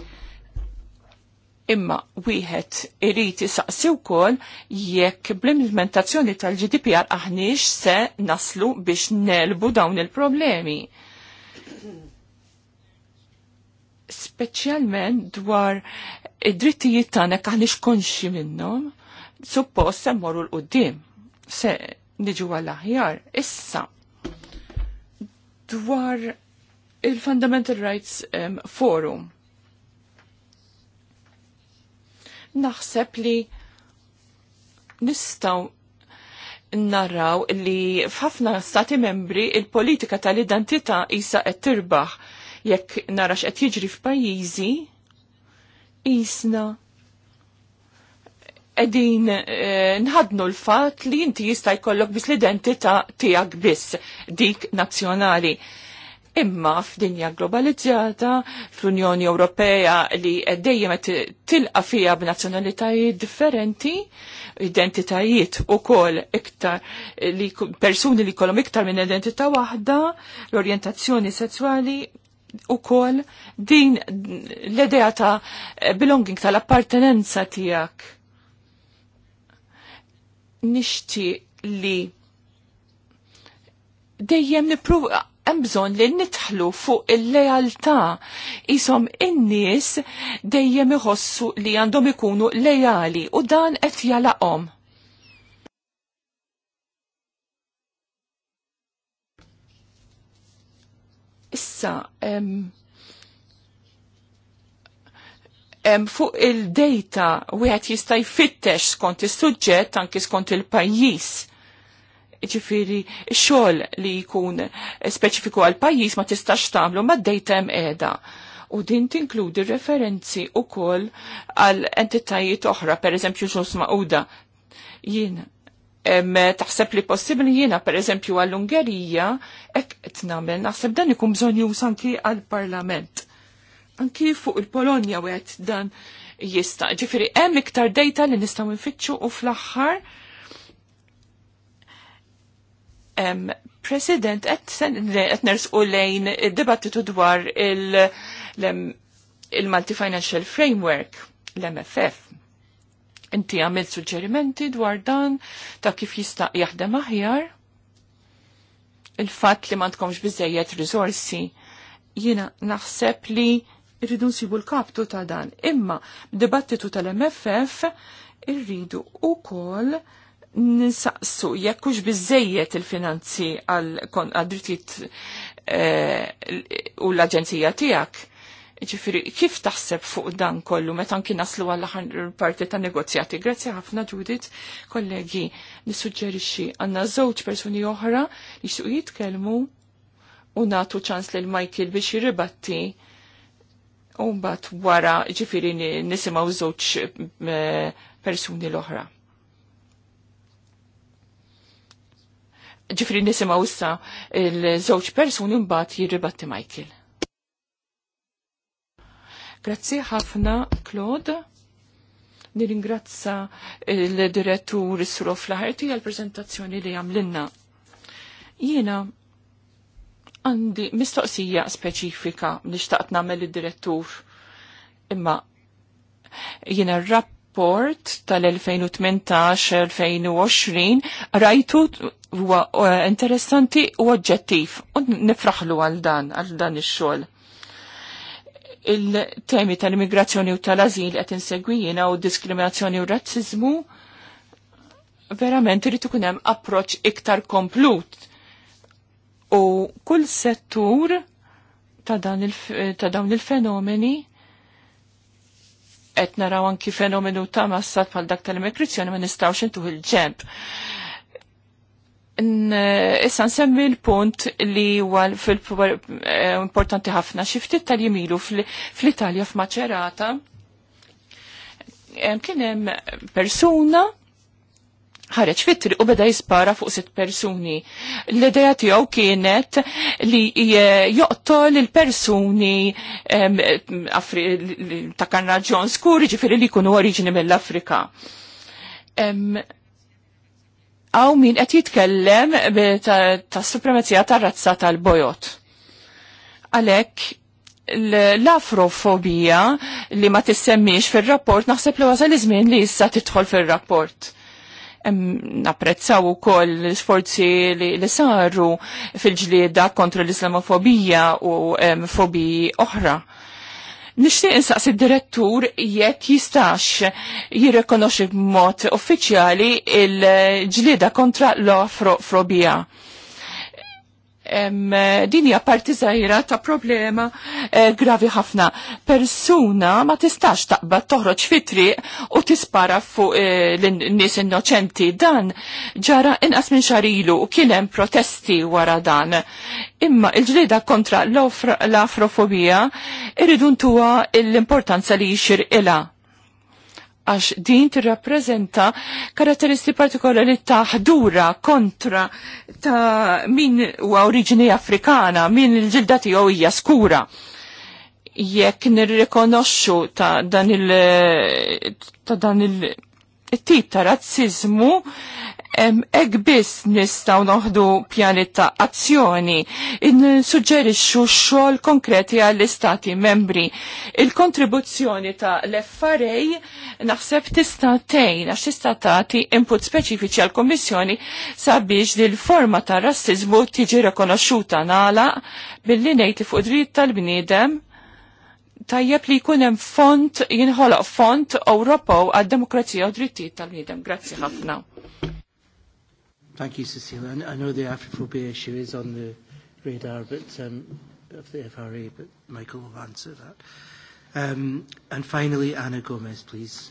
Imma wieħed irid isaqsi wkoll jekk bl-implementazzjoni tal-GDPR aħniex se naslu biex nelbu dawn il-problemi speċjalment dwar id-drittijiet tagħna aħniex konxi minnhom, suppost se mmorru l qudiem se niġu għall aħjar issa dwar il-Fundamental Rights um, Forum. Naħseb li nistaw narraw li f'ħafna stati membri il-politika tal-identità isa qed tirbaħ jekk narax qed jiġri f'pajjiżi isna edin eh, nħadnu l-fat li inti jista' jkollok biss l-identità tiegħek biss dik nazzjonali. Imma f'dinja globalizzata, fl-Unjoni Ewropea li dejjem qed tilqa' fiha b'nazzjonalitajiet differenti, identitajiet ukoll iktar li persuni li jkollhom iktar minn identità waħda, l-orjentazzjoni sesswali u kol din l-idea ta' belonging tal-appartenenza tijak. Nishti li dejjem nipruv bżon li nitħlu fuq il lejalta jisom in-nies dejjem iħossu li għandhom ikunu lejali u dan qed jalaqhom. Issa, em, em, fuq il-data wieħed jista' jfittex skont is-suġġett anki skont il-pajjiż ġifiri xol li jkun speċifiku għal pajis ma tistax tamlu ma dejtem edha. U din tinkludi referenzi u kol għal entitajiet oħra, per eżempju ġus ma'uda. Jien taħseb li possibli jiena per eżempju għall-Ungerija ek t namel naħseb dan ikun bżon jus anki għall-Parlament. Anki fuq il-Polonja u dan jista. Ġifiri, hemm iktar dejta li nistaw nfittxu u fl-axħar President, qed nersqu lejn id-dibattitu dwar il-Multi il Financial Framework, l-MFF Inti għamil suġġerimenti dwar dan ta' kif jista' jaħdem aħjar. Il-fatt li ma tkomx bizzejiet rizorsi jiena naħseb li rridu nsibu l-kaptu ta' dan. Imma dibattitu tal-MFF irridu wkoll nisaqsu jekk hux biżejjed il-finanzi għal drittijiet eh, u l-aġenzija tiegħek Ġifiri, kif taħseb fuq dan kollu, meta kien naslu għall parti ta' negozjati? Grazzi ħafna, Judith, kollegi, nissuġġerixxi għanna żewġ persuni oħra li xtuq jitkellmu u natu ċans l Michael biex jirribatti u mbagħad wara ġifiri nisimgħu żewġ eh, persuni l-oħra. Ġifiri nisimgħu issa l-żewġ persuni mbagħad jirribatti Michael. Grazzi ħafna, Claude. Nirringrazza il-direttur Isrof Laħerti għal-prezentazzjoni li għamlinna. Jiena għandi mistoqsija speċifika li xtaqt namel il-direttur imma jiena r rapport tal-2018-2020 rajtu huwa eh, interessanti u oġġettiv u nifraħlu għal dan, għal dan ix-xogħol il-temi tal-immigrazzjoni u tal-azil qed insegwijina u diskriminazzjoni u razzizmu verament irid ikun hemm approċċ iktar komplut. U kull settur ta' dawn il-fenomeni qed naraw anki fenomenu ta' massat bħal dak tal-immigrazzjoni ma nistgħux intuħ il-ġemp Issa nsemmi l-punt li huwa eh, importanti ħafna xiftit tal-jemilu fl-Italja f'Maċerata. Kien hemm persuna ħareġ fitri u beda jispara fuq sitt persuni. L-ideja tiegħu kienet li joqtol il-persuni ta' kanraġjon skur, ġifieri li jkunu oriġini mill-Afrika għaw min qed jitkellem tas-supremazija ta tar-razza tal-bojot. Għalhekk l-afrofobija li ma tissemmix fil-rapport naħseb li għazal izmin żmien li issa tidħol fil-rapport. Napprezzaw ukoll l-sforzi li, li saru fil-ġlieda kontra l-islamofobija u fobiji oħra Nixtieq insaqs id-direttur jekk jistax jirrekonoxi b'mod uffiċjali il-ġlieda kontra l-afrofobija. frobija din hija parti żgħira ta' problema eh, gravi ħafna. Persuna ma tistax taqbad toħroġ fitri triq u tispara fuq eh, l-nies innoċenti. Dan ġara inqas minn xarilu u kien hemm protesti wara dan. Imma il-ġlida kontra l-afrofobija irridu ntuha l-importanza li jixir ilha għax din tirrappreżenta karatteristi partikolari ta' ħdura kontra ta' min huwa oriġini Afrikana, min il-ġilda tiegħu hija skura. Jekk nirrikonoxxu ta' dan il ta' dan il it-tip ta' razzizmu ek biss nistaw noħdu pjani ta' azzjoni, suġġerixxu xogħol konkreti għall-istati membri. Il-kontribuzzjoni ta' l-FRA naħseb tista' tgħin għax tista' tagħti input speċifiċi għall-Kummissjoni sabiex li l-forma ta' rassiżmu tiġi rekonoxxuta nagħlaq billi ngħid fuq drit tal-bniedem tajjeb li jkunem font jinħolo font Ewropew għad-demokrazija u drittijiet tal-bniedem. Grazzi ħafna. Thank you, Cecilia. I know the Afrophobia issue is on the radar but, um, of the FRA, e, but Michael will answer that. Um, and finally, Anna Gomez, please.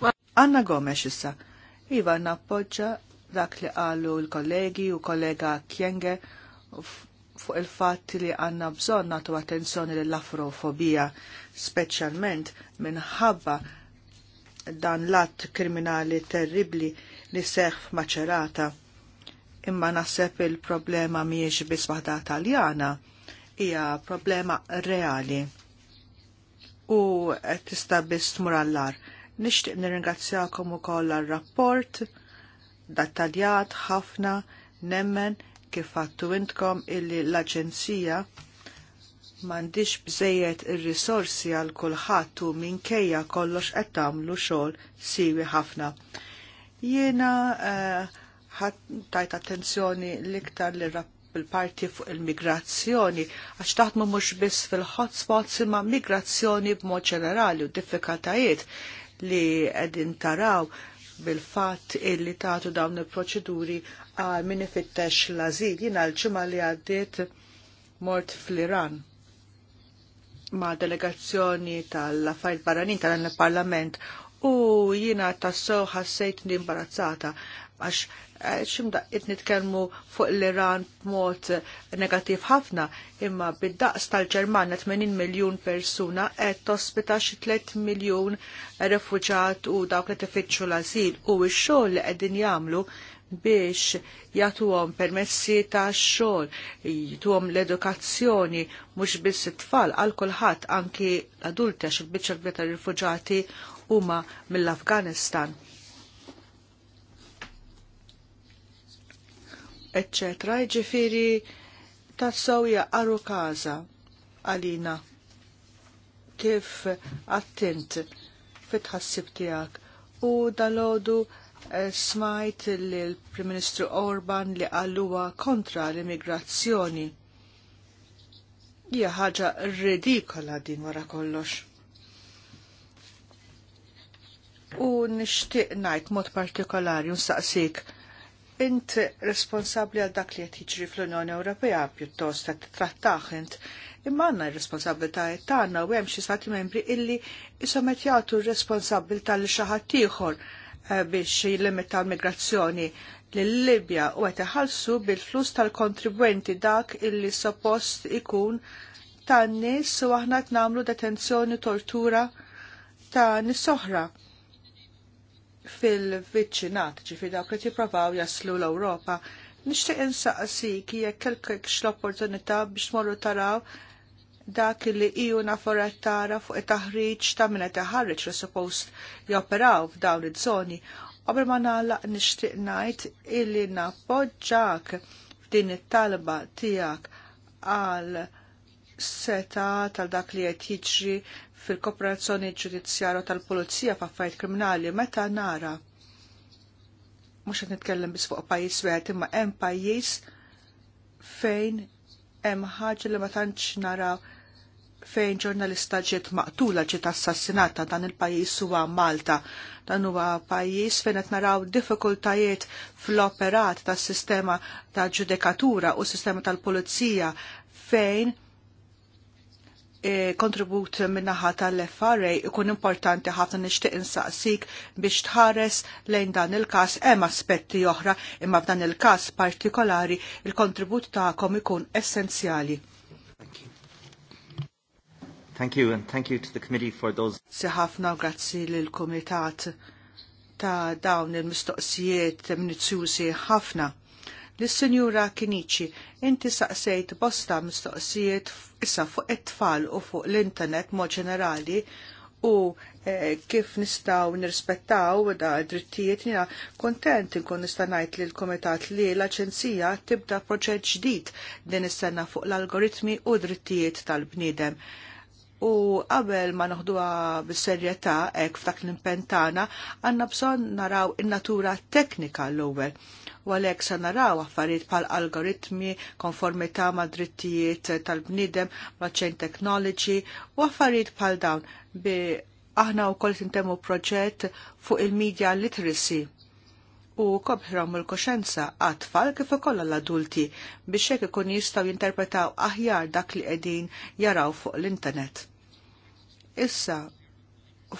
Well, Anna Gomez issa. Iva, nappoġġa dak li qalu l-kollegi u kollega Kjenge fuq il-fatt li għanna bżon natu attenzjoni l-afrofobija, specialment minħabba dan l-att kriminali terribli li seħf f'maċerata. Imma naħseb il-problema miex bis waħda taljana, hija problema reali. U tista' biss tmur allar. Nixtieq nirringrazzjakom ukoll koll rapport dettaljat ħafna, nemmen kif fattu intkom illi l-Aġenzija mandiċ bżejiet il-risorsi għal kulħadd u minkejja kollox qed tagħmlu xogħol siwi ħafna. Jiena eh, tajt attenzjoni l-iktar li il-parti fuq il-migrazzjoni, għax taħdmu mhux biss fil-hotspots imma migrazzjoni b'mod ġenerali u diffikultajiet li għedin taraw bil-fatt illi tagħtu dawn il-proċeduri għal min ifittex l-azil. Jina l-ġimgħa li għaddiet mort fl-Iran ma' delegazzjoni tal affajt barranin tal-parlament u jina tassew ħassejt imbarazzata għax eh, itnit nitkellmu fuq l-Iran b'mod eh, negattiv ħafna, imma bid-daqs tal-Ġermanja 80 miljun persuna qed tospita xi 3 miljun refuġat u dawk li tifittxu l azil u x-xogħol li qegħdin jagħmlu biex jatuhom permessi ta' xogħol, jituhom l-edukazzjoni mhux biss it-tfal għal kulħadd anki l-adulti għax il-biċċa l tar-rifuġati huma mill-Afganistan etc. ġifiri tassaw għaru kaza għalina kif attint fit tijak u dalodu eh, smajt li l-Prim Ministru Orban li għalluwa kontra l-immigrazzjoni. Hija ħaġa ridikola din wara kollox. U nixtieq ngħid mod partikolari un saqsik int responsabli għal dak li qed jiġri fl-Unjoni Ewropea pjuttost qed trattaħ int imma għandna r responsabilità tagħna u hemm xi stati membri illi isom qed jagħtu r responsabilità li xi ħadd ieħor eh, biex jillimita l-migrazzjoni lill-Libja u qed iħallsu bil-flus tal-kontribwenti dak illi suppost ikun tan-nies u aħna qed nagħmlu detenzjoni tortura ta' nies oħra fil-viċinat, ġifir dawk li jipprovaw jaslu l-Ewropa. Nixtieq insaqsik jekk kelkek l-opportunità biex morru taraw dak li iju naforet tara fuq it-taħriġ ta' minna taħarriġ li suppost joperaw f'dawn id żoni Qabel ma nagħlaq nixtieq ngħid illi nappoġġak f'din it-talba tiegħek għal seta tal dak li qed jiġri fil-kooperazzjoni ġudizzjarju tal-Pulizija f'affarijiet kriminali meta nara mhux qed nitkellem biss fuq pajjiż wieħed imma hemm pajjiż fejn hemm ħaġa li ma tantx naraw fejn ġurnalista ġiet maqtula ġiet assassinata dan il-pajjiż huwa Malta. Dan huwa pajjiż fejn qed naraw diffikultajiet fl-operat tas-sistema tal-ġudikatura u s sistema tal-pulizija fejn kontribut minnaħa tal-FRA ikun importanti ħafna nixtieq insaqsik biex tħares lejn dan il-każ hemm aspetti oħra imma f'dan il-każ partikolari il-kontribut tagħkom ikun essenzjali. Thank you. and thank you to the committee for those. Si ħafna grazzi lil kumitat ta' dawn il-mistoqsijiet minnizzjużi ħafna Lis-Sinjura Kinici, inti saqsejt bosta mistoqsijiet issa fuq it-tfal u fuq l-internet mod ġenerali u eh, kif nistaw nirrispettaw da drittijiet nina kontent nkun nista' ngħid li l kumitat li l-Aġenzija tibda proġett ġdid din is-sena fuq l-algoritmi u drittijiet tal-bniedem. U qabel ma noħduha bis-serjetà hekk f'dak l-impentana għandna bżonn naraw in-natura teknika l-ewwel u għalhekk se naraw affarijiet bħal algoritmi, konformità ma' drittijiet tal-bniedem, ma' chain technology u affarijiet bħal dawn bi aħna wkoll tintemu proġett fuq il-media literacy u kobħrom il-koxenza għatfall tfal kif ukoll l-adulti biex hekk ikun jistgħu jinterpretaw aħjar dak li qegħdin jaraw fuq l-internet. Issa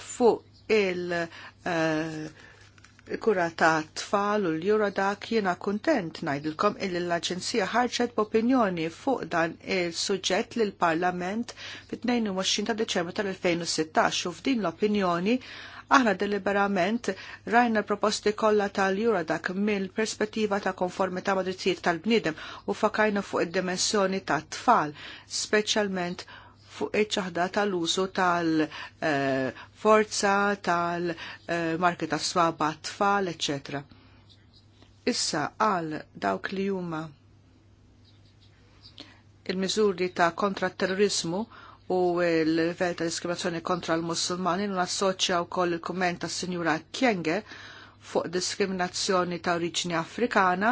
fuq il- uh, kura ta' tfal u l-Eurodac jiena kuntent ngħidilkom illi l-Aġenzija ħarġet b'opinjoni fuq dan il-suġġett l parlament fit-22 ta' Deċembru tal-2016 u f'din l-opinjoni aħna deliberament rajna l-proposti kollha tal-Eurodac mill-perspettiva ta' konformità ma' drittijiet tal-bniedem u fakajna fuq id-dimensjoni ta' tfal, speċjalment fuq iċ-ċaħda tal-użu tal-forza, tal-marki ta' swaba tfal, etc. Issa għal dawk li huma il-miżuri ta' kontra t-terrorismu u l-level ta' diskriminazzjoni kontra l-Musulmani nassoċja wkoll il-kumment tas-Sinjura Kienge fuq diskriminazzjoni ta' oriġini Afrikana,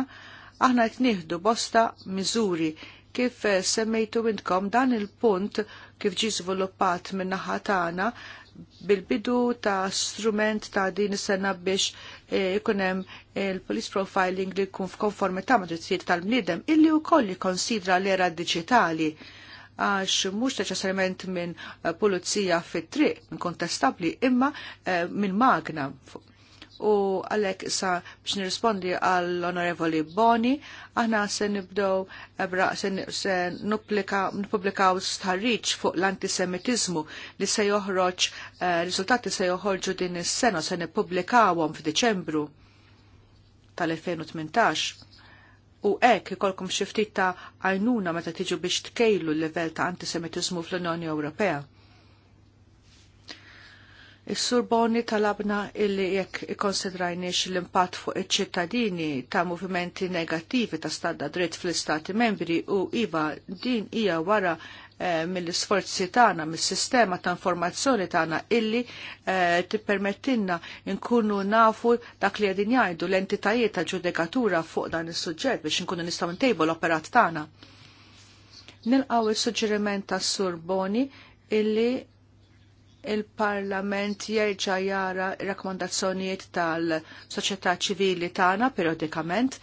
aħna qed nieħdu bosta miżuri kif eh, semmejtu intkom dan il-punt kif ġi sviluppat minna naħa tagħna bil-bidu ta' strument ta' din is-sena biex eh, ikun hemm il-police profiling li jkun f'konformità ma' drittijiet tal-bniedem illi wkoll konsidra l-era diġitali għax mhux neċessarjament minn eh, pulizija fit-triq, minn kontestabli, imma minn magna u għalek sa biex nirrispondi għall-Onorevoli Boni, aħna se nibdow ebra se nupublikaw starriċ fuq l-antisemitizmu li se joħroġ, rizultati eh, riżultati se joħorġu din is-sena se nippubblikawhom f'Diċembru tal-2018. U ek ikolkom xiftit ta' għajnuna meta tiġu biex tkejlu l-level ta' antisemitizmu fl-Unjoni Ewropea Is-Surboni talabna illi jekk ikkonsidrajniex l-impatt fuq iċ-ċittadini ta' movimenti negattivi ta' stadda dritt fl-Istati membri u iva din hija wara eh, mill-isforzi tagħna mis-sistema ta' informazzjoni tagħna illi tippermettinna eh, tippermettilna nkunu nafu dak li qegħdin jgħidu l-entitajiet ta' ġudikatura fuq dan is-suġġett biex inkunu nistgħu ntejbu l-operat tagħna. Nilqgħu is-suġġeriment tas-Surboni illi il-Parlament jerġa' jara rakkomandazzjonijiet tal-soċjetà ċivili tagħna periodikament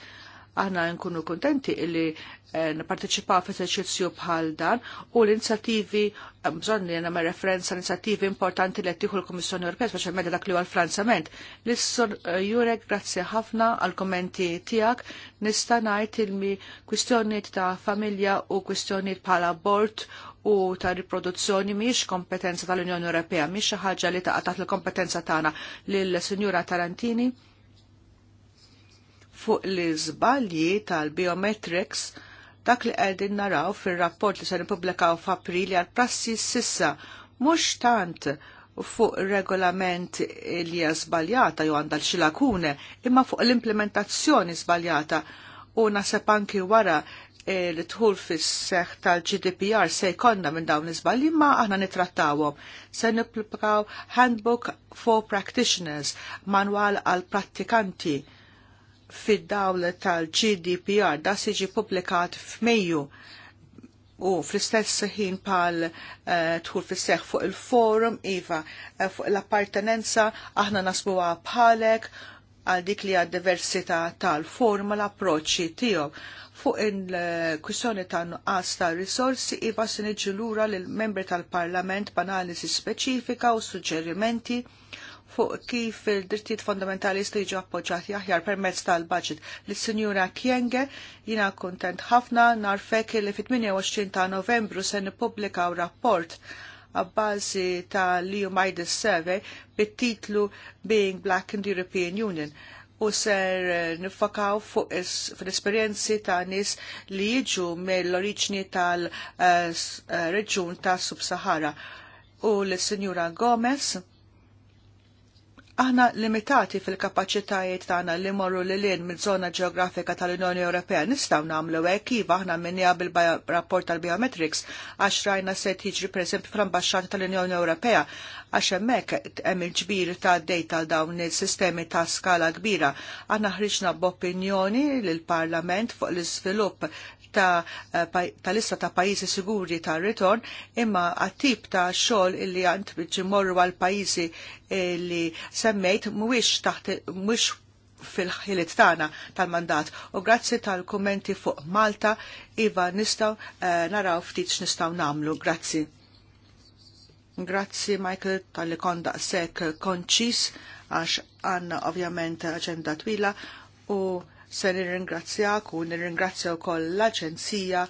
aħna nkunu kontenti illi eh, nipparteċipaw f'eżerċizzju bħal dan u l-inizjattivi eh, bżonn li nagħmel referenza l-inizjattivi importanti li tieħu l-Kummissjoni Ewropea speċjalment dak li huwa l-Franzament. Lissor eh, Jurek, grazzi ħafna għal kommenti tiegħek. Nista' ngħid ilmi kwistjonijiet ta' familja u kwistjonijiet bħal abort u ta' riproduzzjoni miex kompetenza tal-Unjoni Ewropea, miex xi ħaġa li taqa' taħt il-kompetenza tagħna lill-Sinjura Tarantini fuq l żbalji tal-biometrics dak li qegħdin naraw fir-rapport li se nippubblikaw f'April għal prassi sissa mhux tant fuq regolament li hija żbaljata jew għandha xi lakune, imma fuq l-implementazzjoni żbaljata u naseb anki wara E, li tħul fis seħħ tal-GDPR se jkollna minn dawn iżball imma aħna nitrattawhom. Se nipplikaw Handbook for Practitioners, manwal għal prattikanti fid-dawl tal-GDPR da siġi publikat f'Mejju u fl-istess ħin pal e, tħul fis seħħ fuq il-forum, iva, e, fuq l-appartenenza, aħna nasbuha bħalek, għal dik li għad diversità tal-forma l-approċċi tiegħu fuq il-kwissjoni ta' nuqqas ta' risorsi iva se niġu lura lil membri tal-Parlament b'analiżi speċifika u suġġerimenti fuq kif il-drittijiet fondamentali jistgħu jiġu aħjar permezz tal-budget. Lis-Sinjura Kienge jiena kuntent ħafna narfek li fit-28 ta' Novembru se nippubblikaw rapport għabbażi ta' Leo Midas Survey bit-titlu Being Black in the European Union u ser eh, nifakaw fuq l-esperienzi ta' nis li jiġu mill-oriġni tal-reġun eh, eh, ta' Sub-Sahara. U l-Sinjura Gomez aħna limitati fil-kapaċitajiet tagħna li morru li lin mill żona ġeografika tal-Unjoni Ewropea nistgħu nagħmlu hekk Iva aħna minnija bil-rapport tal-biometrics għax rajna se tiġri pereżempju fl-ambaxxata tal-Unjoni Ewropea għax hemmhekk hemm il-ġbir ta' dejta dawn is-sistemi ta' skala kbira. Aħna ħriġna b'opinjoni lill-Parlament fuq l-iżvilupp ta' eh, tal lista ta' pajjiżi siguri ta' ritorn imma għat-tip ta' xogħol illi għant biex morru għal pajjiżi li semmejt mhuwiex taħt mwix fil-ħilit tagħna tal-mandat u grazzi tal-kummenti fuq Malta iva nistgħu uh, eh, naraw ftit x'nistgħu nagħmlu. Grazzi. Grazzi Michael tal-li kondaq konċis għax għanna ovvjament aġenda twila u se nirringrazzjak u nirringrazzja wkoll l-Aġenzija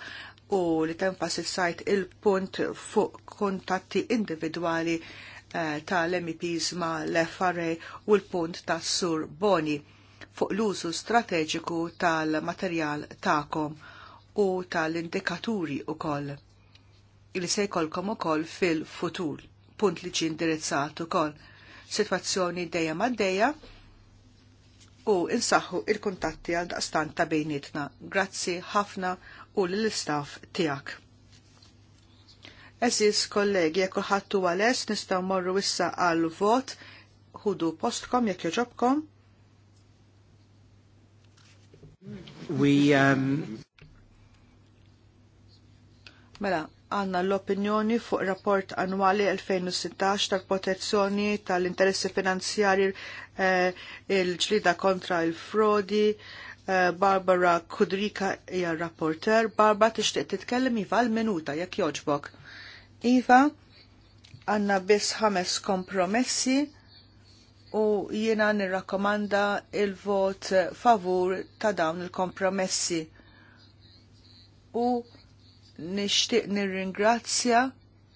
u li tenfasizzajt il-punt fuq kontatti individwali eh, tal-MEPs ma l-FRA u l-punt ta' Sur Boni fuq l-użu strateġiku tal-materjal ta'kom u tal-indikaturi u koll. Il se jkollkom u koll fil-futur, punt li ġi indirizzat u koll. Situazzjoni ma dejja u insaħħu il-kuntatti għal daqstan ta' bejnietna. Grazzi ħafna u l-istaff tijak. Eżis kollegi, jekk ħattu għales nistaw morru issa għal vot, ħudu postkom jekk joġobkom. We um... Mela, għanna l-opinjoni fuq rapport annwali 2016 tal-protezzjoni tal-interessi finanzjari eh, il-ġlida kontra il-frodi. Eh, Barbara Kudrika hija rapporter. Barbara tixtieq titkellem iva l-minuta jekk joġbok. Iva, għanna biss ħames kompromessi u jiena nirrakkomanda il-vot favur ta' dawn il-kompromessi. U nixtieq nirringrazzja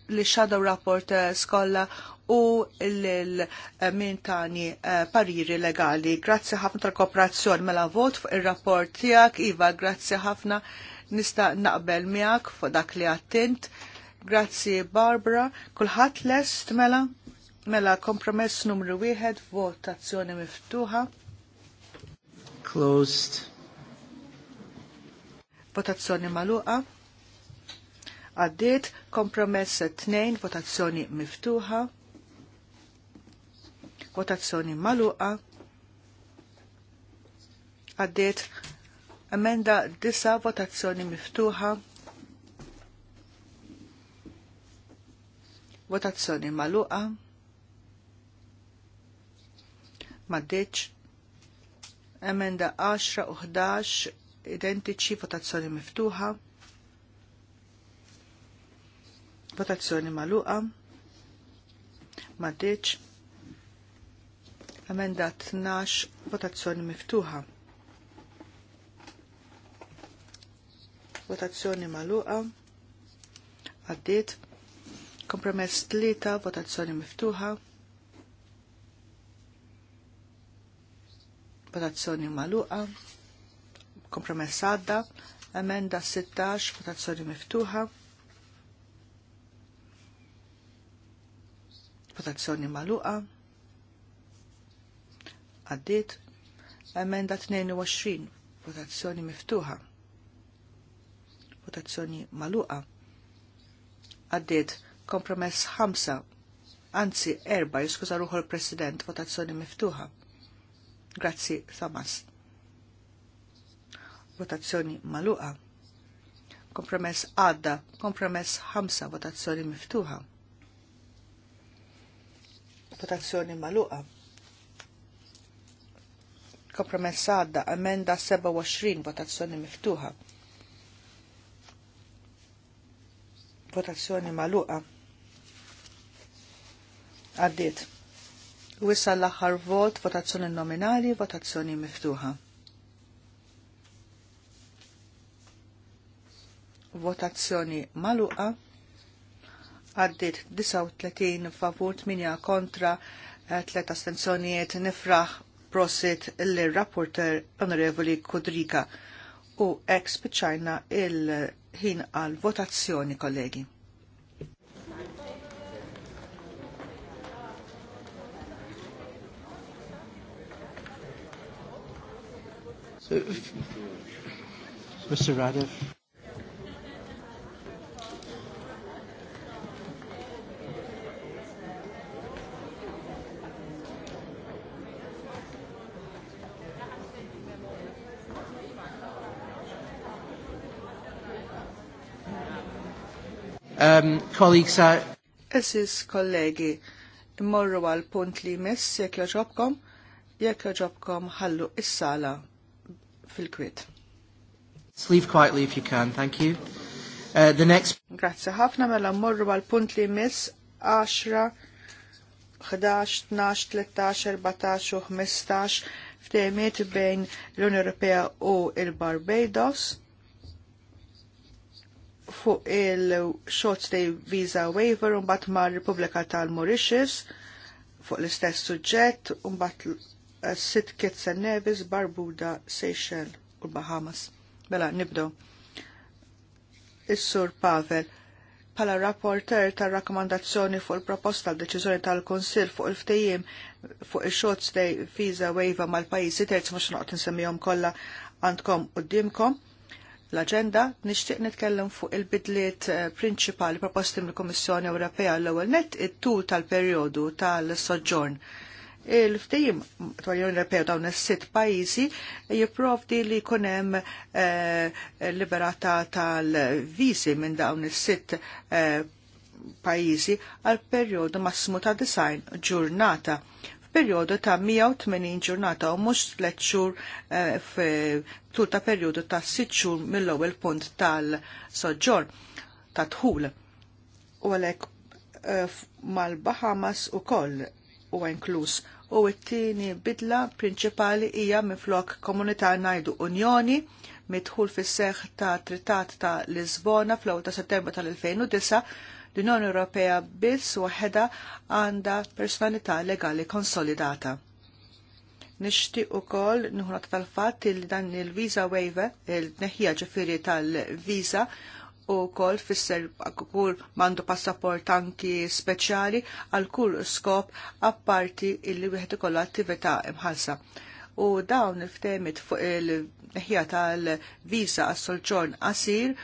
li shadow rapport skolla u l-min eh, tani eh, pariri legali. Grazzi ħafna tal-kooperazzjoni mela vot fuq il-rapport tijak, Iva, grazzi ħafna nista naqbel miak fuq dak li għattint. Grazzi Barbara, kullħat lest mela, mela kompromess numru wieħed, votazzjoni miftuħa. Closed. Votazzjoni maluqa għaddiet, kompromess 2, votazzjoni miftuħa, votazzjoni maluqa, għaddiet, emenda 9, votazzjoni miftuħa, votazzjoni maluqa, maddeċ, emenda 10 u 11, identiċi, votazzjoni miftuħa, Votazzjoni maluqa. Maddiċ. Amenda 12. Votazzjoni miftuħa. Votazzjoni maluqa. Għaddiet. Kompromess 3. Votazzjoni miftuħa. votazzjoni maluqa, kompromess għadda, emenda 16, votazzjoni miftuħa, votazzjoni maluqa, għaddit, emenda 22, votazzjoni miftuħa, votazzjoni maluqa, għaddit, kompromess 5, anzi 4, jiskuza ruħu l-President, votazzjoni miftuħa. Grazzi, Thomas. Votazzjoni maluqa. Kompromess għadda, kompromess 5, votazzjoni miftuħa votazzjoni maluqa. Kompromess għadda, emenda 27, votazzjoni miftuħa. Votazzjoni maluqa. Għaddit. Wissa l-aħħar vot, votazzjoni nominali, votazzjoni miftuħa. Votazzjoni maluqa għaddit 39 favur 8 kontra 3 eh, astenzjonijiet nifraħ prosit l-rapporter Onorevoli Kudrika u ex bċajna il-ħin għal votazzjoni kollegi. Mr. Radev. Um, colleagues are... Uh, Esis kollegi, immorru għal punt li mess jek joġobkom, jek joġobkom ħallu is-sala fil-kwit. Sleep quietly if you can, thank you. Uh, the next... Grazie ħafna mela mmorru għal punt li mess 10, 11, 12, 13, 14 u 15 ftejmiet bejn l-Unjoni Ewropea u il-Barbados fuq il-short stay visa waiver unbat ma' Repubblika tal-Mauritius fuq l-istess suġġett unbat Sit Kitts and Nevis, Barbuda, Seychelles u Bahamas. Bela nibdow. Is-Sur Pavel, pala rapporter tar rakkomandazzjoni fuq il-proposta l deċiżjoni tal-Konsil fuq il-ftejjim fuq il-short stay visa waiver mal-pajjiżi terz mhux noqgħod insemmihom kollha għandkom qudiemkom l-agenda nixtieq nitkellem fuq il-bidliet eh, prinċipali proposti mill-Kummissjoni Ewropea l-ewwel net it-tul tal-perjodu tal-soġġorn. Il-ftehim tal-Unjoni Ewropea dawn is-sitt pajjiżi jipprovdi li jkun hemm eh, liberata tal-viżi minn dawn is-sitt eh, pajjiżi għal perjodu massimu ta' design ġurnata perjodu ta' 180 ġurnata u mhux tletxur eh, tul ta' perjodu ta' 6 xur mill-ewwel punt tal soġġor ta' dħul. U għalhekk eh, mal-Bahamas ukoll huwa inkluż u t-tieni bidla prinċipali hija miflok komunità ngħidu Unjoni mitħul fis seħħ ta' Tritat ta' Lisbona fl-1 ta' Settembru tal-2009 L-Unjoni Ewropea biss ħeda għandha personalità legali konsolidata. Nixtieq ukoll nħunat tal-fatt li dan il-visa waiver, il neħja ġifieri tal-visa, u kol fisser kull mandu passaport anki speċjali għal kull skop apparti li wieħed ikollu attività imħalsa. U dawn il-ftemit fuq il neħja tal-visa għas-solġorn qasir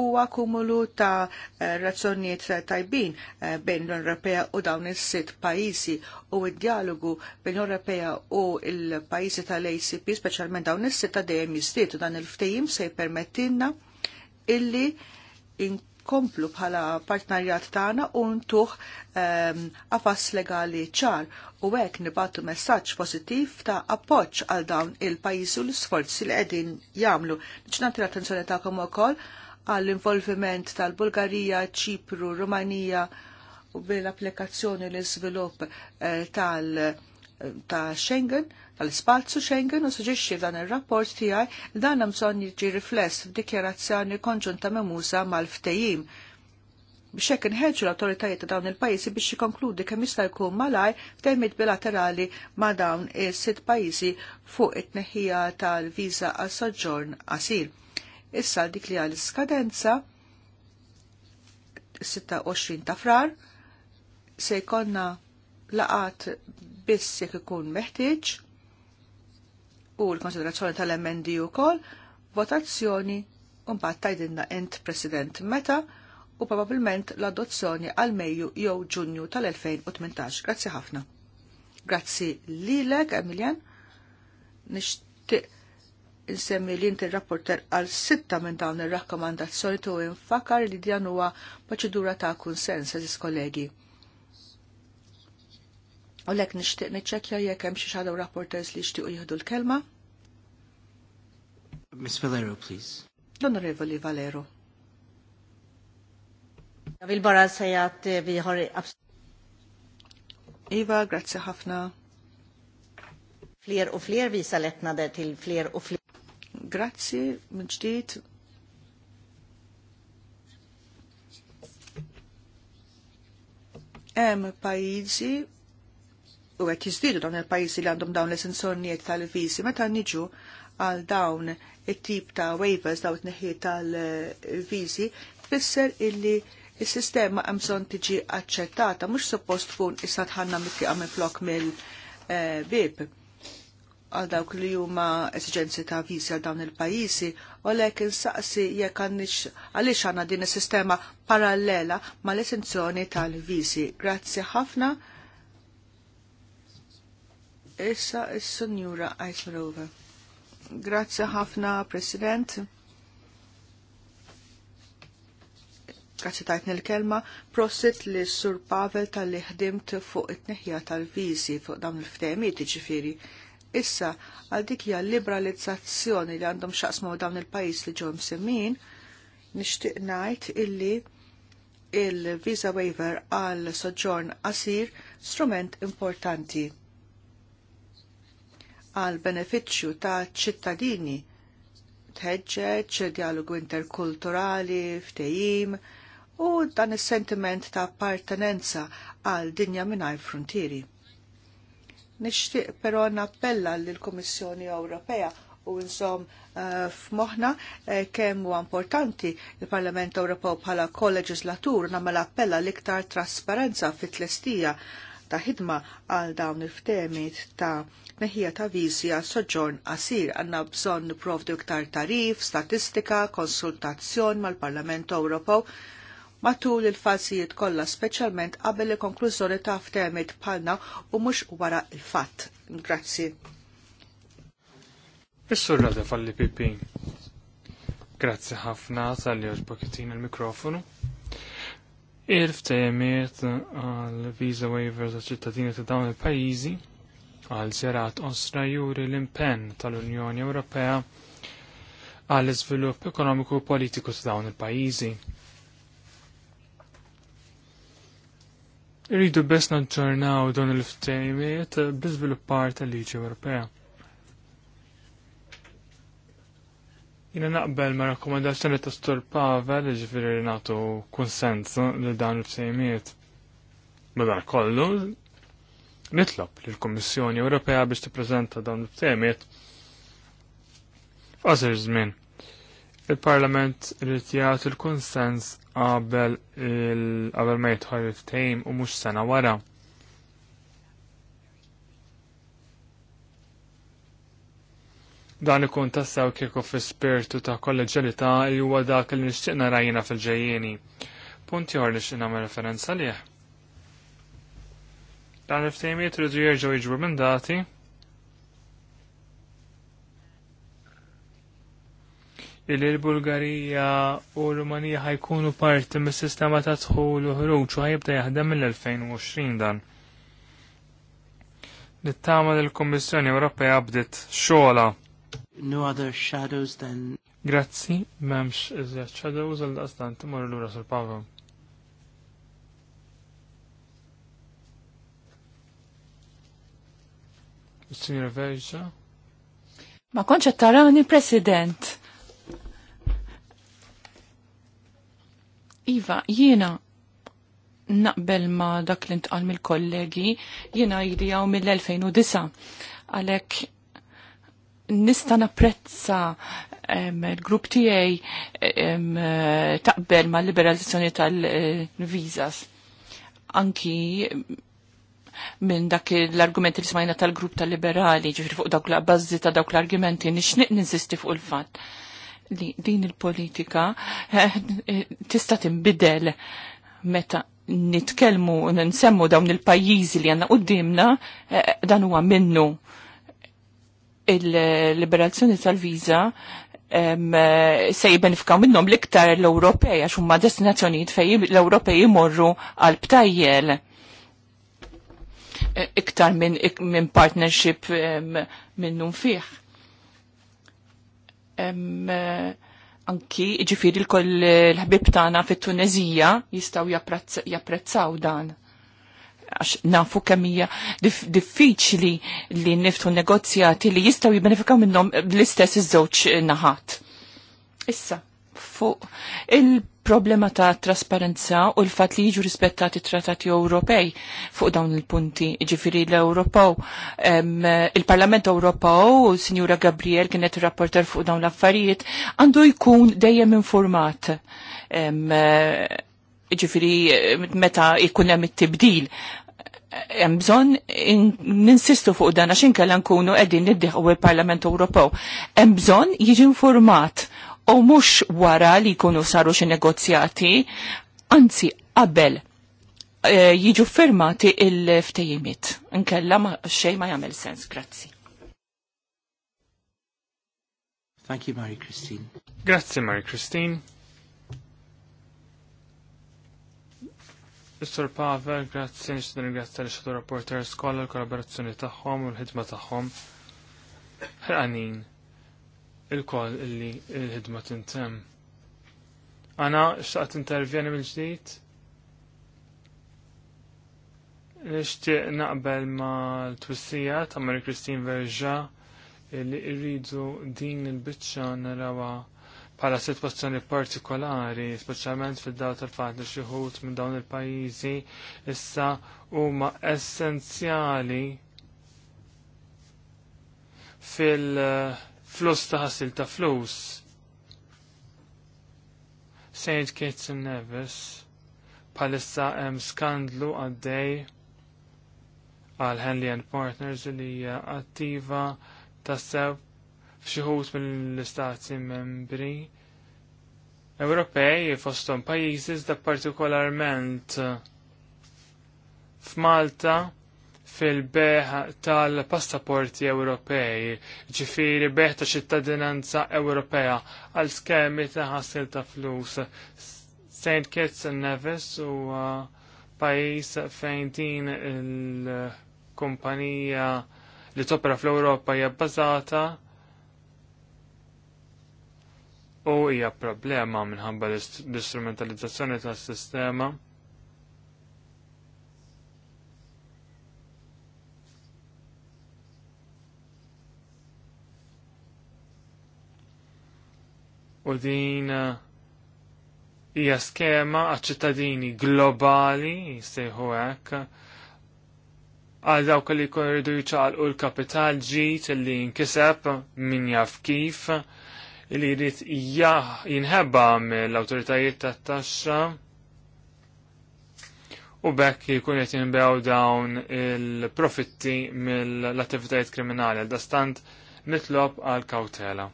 huwa kumulu ta' eh, razzjonijiet tajbin eh, bejn l Ewropea u dawn is-sitt pajjiżi u d-dialogu bejn l Ewropea u l-pajjiżi tal-ACP, speċjalment dawn is-sitt ta' dejjem jistiet dan il-ftehim se jippermettilna illi inkomplu bħala partnerjat tagħna u ntuħ ehm, qafas legali ċar u hekk nibatu messaġġ pożittiv ta' appoġġ għal dawn il-pajjiżi u l-isforzi li qegħdin jagħmlu. Niġnati l-attenzjoni tagħkom ukoll għall-involviment tal-Bulgarija, Ċipru, Rumanija u bil-applikazzjoni l-izvilupp eh, tal- ta' Schengen, tal spazzu Schengen u suġġixxi dan ir-rapport tiegħi dan hemm bżonn jiġi rifless f'dikjarazzjoni konġunta memusa mal-ftehim biex hekk inħeġġu l-awtoritajiet ta' dawn il-pajjiżi biex jikkonkludi kemm jista' jkun malaj f'termiet bilaterali ma' dawn is-sitt pajjiżi fuq it-tneħħija tal-viża għas soġġorn għasil. Issa dik li għal iskadenza 26 ta' frar se jkonna laqat biss jekk ikun meħtieġ u l-konsiderazzjoni tal-emendi wkoll votazzjoni mbagħad tajdinna ent President meta u probabilment l-adozzjoni għal Mejju jew Ġunju tal-2018. Grazzi ħafna. Grazzi lilek, Emilian. Nixtieq insemmi li inti rapporter għal sitta minn dawn il rakkomandazzjoni tu infakar li dijan huwa proċedura ta' kunsens eżis kollegi. U lek nishtiq niċċekkja jek hemm xi shadow rapporters li jixtiequ jieħdu l-kelma. Miss Valero, please. L-Onorevoli Valero. Jag vill bara säga att eh, vi har Iva, grazie ħafna. Fler u fler visar lättnader till fler u fler Grazzi, minn Em Hemm pajjiżi u qed jizdidu dawn il-pajjiżi li għandhom dawn l-esenzjonijiet tal-viżi meta niġu għal dawn it-tip ta' waivers daw it-neħiet tal-viżi fisser illi il-sistema għamżon tiġi accettata, mux suppost tkun issa tħanna mitti għamil flok mill-bib għal dawk li huma esiġenzi ta' viżi għal dawn il-pajjiżi, u lek insaqsi jekk għandix għaliex għandna din is-sistema parallela ma' l-esenzjoni tal-viżi. Grazzi ħafna. Issa is-Sunjura Eislerova. Grazzi ħafna, President. Grazzi tajt nil-kelma, prosit li Sur Pavel tal-li ħdimt fuq it-neħja tal-viżi fuq dawn il-ftehmiet Ġifiri Issa, għal dik hija liberalizzazzjoni li għandhom xaqsmu dawn il-pajis li ġew msemmin, nixtieq ngħid illi il-visa waiver għal soġġorn qasir strument importanti għal benefiċċju ta' ċittadini tħeġġeġ dialogu interkulturali, ftejim u dan is-sentiment ta' appartenenza għal dinja mingħajr frontieri. Nixtieq però nappella lill-Kummissjoni Ewropea u insom eh, f'moħna eh, kemm huwa importanti il-Parlament Ewropew bħala kolleġislatur nagħmel appella l-iktar trasparenza fit-tlestija ta' ħidma għal dawn il ftemit ta' meħija ta' vizja soġġorn qasir għanna bżonn niprovdu iktar tarif, statistika, konsultazzjon mal-Parlament Ewropew matul il-falsijiet kollha speċjalment qabel il-konklużjoni ta' ftemet palna u mhux wara il-fatt. Grazzi. Is-sur falli Pippi. Grazzi ħafna tal-li il-mikrofonu. il ftemet għal visa waivers għal ċittadini ta' dawn il-pajizi għal serat osra juri l-impenn tal-Unjoni Ewropea għal iżvilupp ekonomiku u politiku ta' dawn il-pajizi Irridu bess naġġornaw dawn il-ftejmiet bi żviluppar tal-Liġi Ewropea. Jina naqbel ma' rakkomandazzjoni ta' Stor Pavel ġifiri nagħtu kunsens li dan il-ftejmiet. Madan kollu, nitlob li l-Kommissjoni Ewropea biex tippreżenta dawn il-ftejmiet f'qasir żmien il-Parlament irid jagħtu l-kunsens qabel qabel ma jitħol it-tejm u mhux sena wara. Dan ikun tassew kieku fi spirtu ta' kolleġalità li huwa dak li nixtieq narajna fil-ġejjieni. Punt jor li xtieq nagħmel referenza lih. Dan il-ftejmiet iridu jerġgħu jiġu minn dati li l-Bulgarija u l-Rumanija ħajkunu parti mis-sistema ta' tħul u ħruġ u ħajibda jaħdem mill-2020 dan. Nittama l-Kommissjoni Ewropea bdiet xola. No other shadows than Grazzi, memx iżjed shadows għal-daqstan timur l-ura sul-Pavlo. Signora Verġa. Ma konċa il president. Iva, jiena naqbel ma dak li ntqal mill-kollegi jiena għaw mill-2009 għalek nista napprezza il-grupp tiegħi taqbel ma' liberalizzazzjoni tal-visas. Anki minn dak l-argumenti li smajna tal-grupp tal-liberali, ġifri fuq dawk la bazzi ta' dawk l-argumenti, nix ninsisti fuq il-fat li din il-politika eh, eh, tista' tinbidel meta nitkellmu nsemmu dawn il-pajjiżi li għandna qudiemna eh, dan huwa minnu il-liberazzjoni tal-viża se jibbenifikaw minnhom l-iktar l-Ewropej għax huma destinazzjonijiet fejn l-Ewropej imorru għal btajjel iktar minn partnership minnhom fih Eh, anki ġifiri l-koll l-ħbib tagħna fit-Tunezija jistgħu japprezzaw dan. Għax nafu kemija diffiċli li niftu negozjati li jistgħu jibbenefikaw minnhom l-istess iż-żewġ naħat. Issa, fuq il-problema ta' trasparenza u l-fat li jiġu rispettati trattati Ewropej fuq dawn il-punti. Ġifiri l-Ewropew, il-Parlament Ewropew, Sinjura Gabriel kienet rapporter fuq dawn l-affarijiet, għandu jkun dejjem informat. Ġifiri meta jkun hemm it-tibdil hemm bżonn ninsistu fuq dan għax inkella nkunu qegħdin niddeħu il-Parlament Ewropew. Hemm bżonn jiġi informat u mux wara li jkunu saru xi negozjati, anzi qabel eh, jiġu firmati il-ftejimit. Nkella xej ma jagħmel sens, grazzi. Thank you, Mary Christine. Grazie, Mary Christine. Mr. Pavel, grazie, nixtieq ringrazzja l xadu rapporter skola l-kollaborazzjoni tagħhom u l-ħidma tagħhom. Ħanin il kol illi il-ħidma tintem. Għana xtaqt intervjeni mill-ġdijt? Nishtiq naqbel ma l-twissija ta' Mary Christine Verja illi irridu din il-bicċa narawa bħala situazzjoni partikolari, speċjalment fil-daw tal-fat li xi minn dawn il-pajjiżi issa huma essenzjali fil- uh, flus ta' ħassil ta' flus. Sejt Kates Nevis, palissa hemm skandlu għaddej għal Henley and Partners li hija attiva tassew f'xiħut mill-istati membri Ewropej fosthom pajjiżi da partikolarment f'Malta fil-beħ tal-passaporti Ewropej, ġifiri beħ ta' ċittadinanza Ewropea għal skemi ta' ħassil ta' flus. St. Kitts and Nevis u pajis fejn din il-kumpanija li topra fl-Ewropa hija bbażata u hija problema minħabba l-istrumentalizzazzjoni tas-sistema. u din eh, hija skema għaċ-ċittadini globali jistejħu hekk għal dawk li jkun jridu jċaqalqu l-kapital ġit li jinkiseb min jaf kif li jrid jinħebba mill-awtoritajiet tat-taxxa u bekk jkun qed jinbew dawn il-profitti mill-attivitajiet kriminali għal dastant nitlob għal kawtela.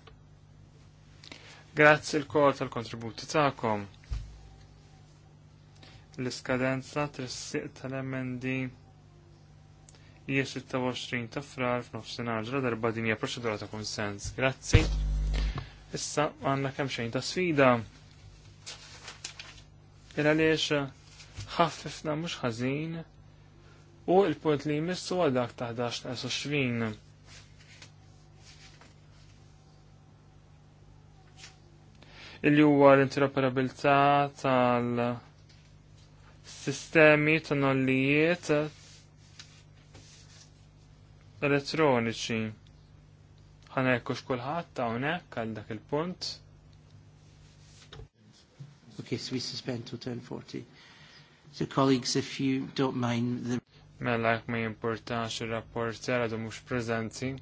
Grazzi l-kol tal-kontributi ta'kom. L-iskadenza tris-siq tal-emendi hija 26 ta' frar f'nofsinhar ġra darba din hija proċedura ta' konsens. Grazzi. Issa għandna kemm xejn ta' sfida. Il għaliex ħaffifna mhux ħażin u l-punt li jmissu għal dak ta' 11 20. il huwa l-interoperabilità tal-sistemi ta' nollijiet elettroniċi. Ħanerku ta' hawnhekk għal dak il-punt. Okay, so we suspend till 10.40. So colleagues, if you don't mind the... Mela, ma jimportax il-rapport jara mhux prezenti.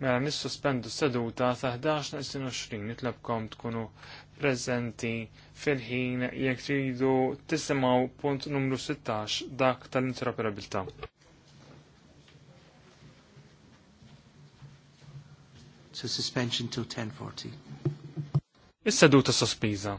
Mela nissospendu seduta ta' 11-20 nitlabkom tkunu prezenti fil-ħin jekk tridu tisimaw punt numru 16 dak tal-interoperabilità. So suspension till 10:40. Is-seduta sospiża.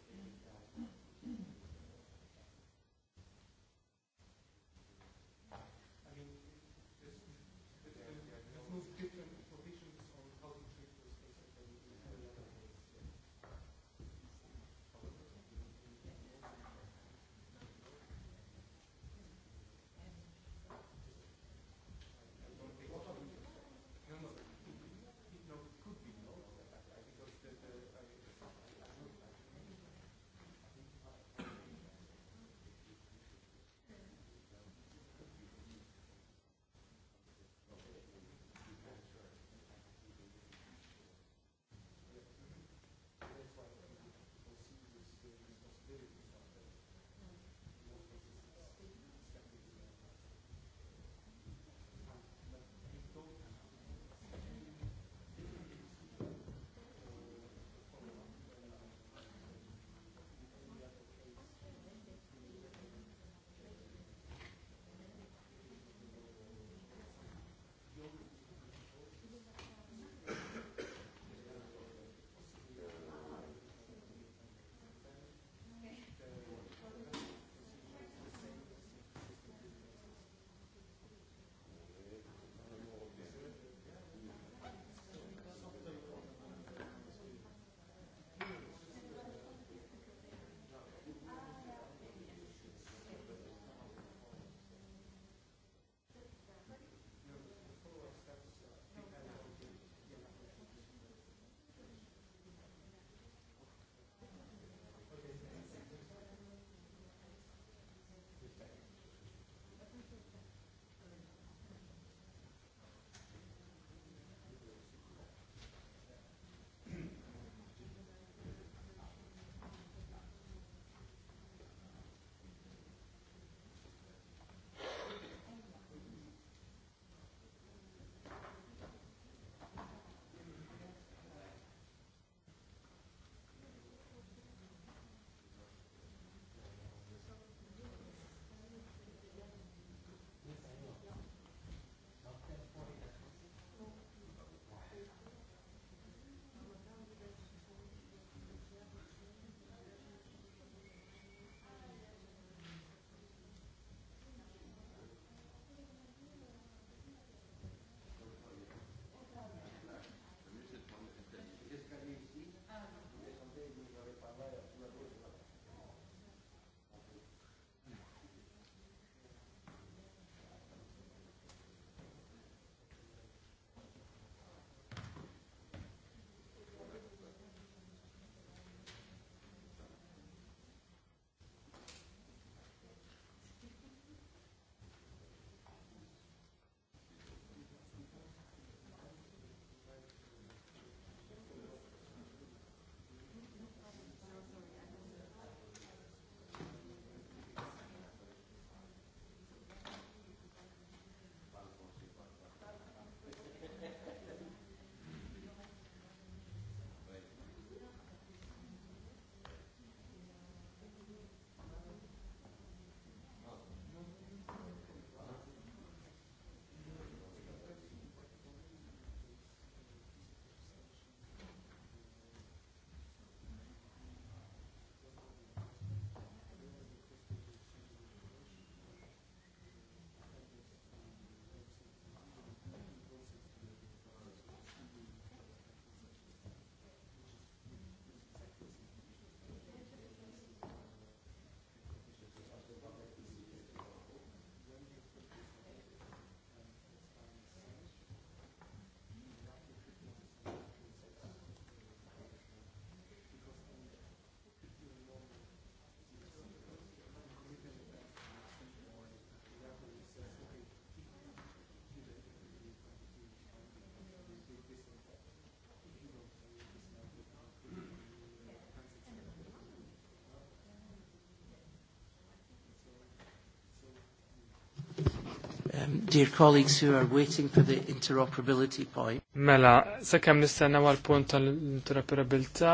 Um, dear colleagues who are waiting for the interoperability point. Mela, sakemm nistenna għal punt tal-interoperabilità,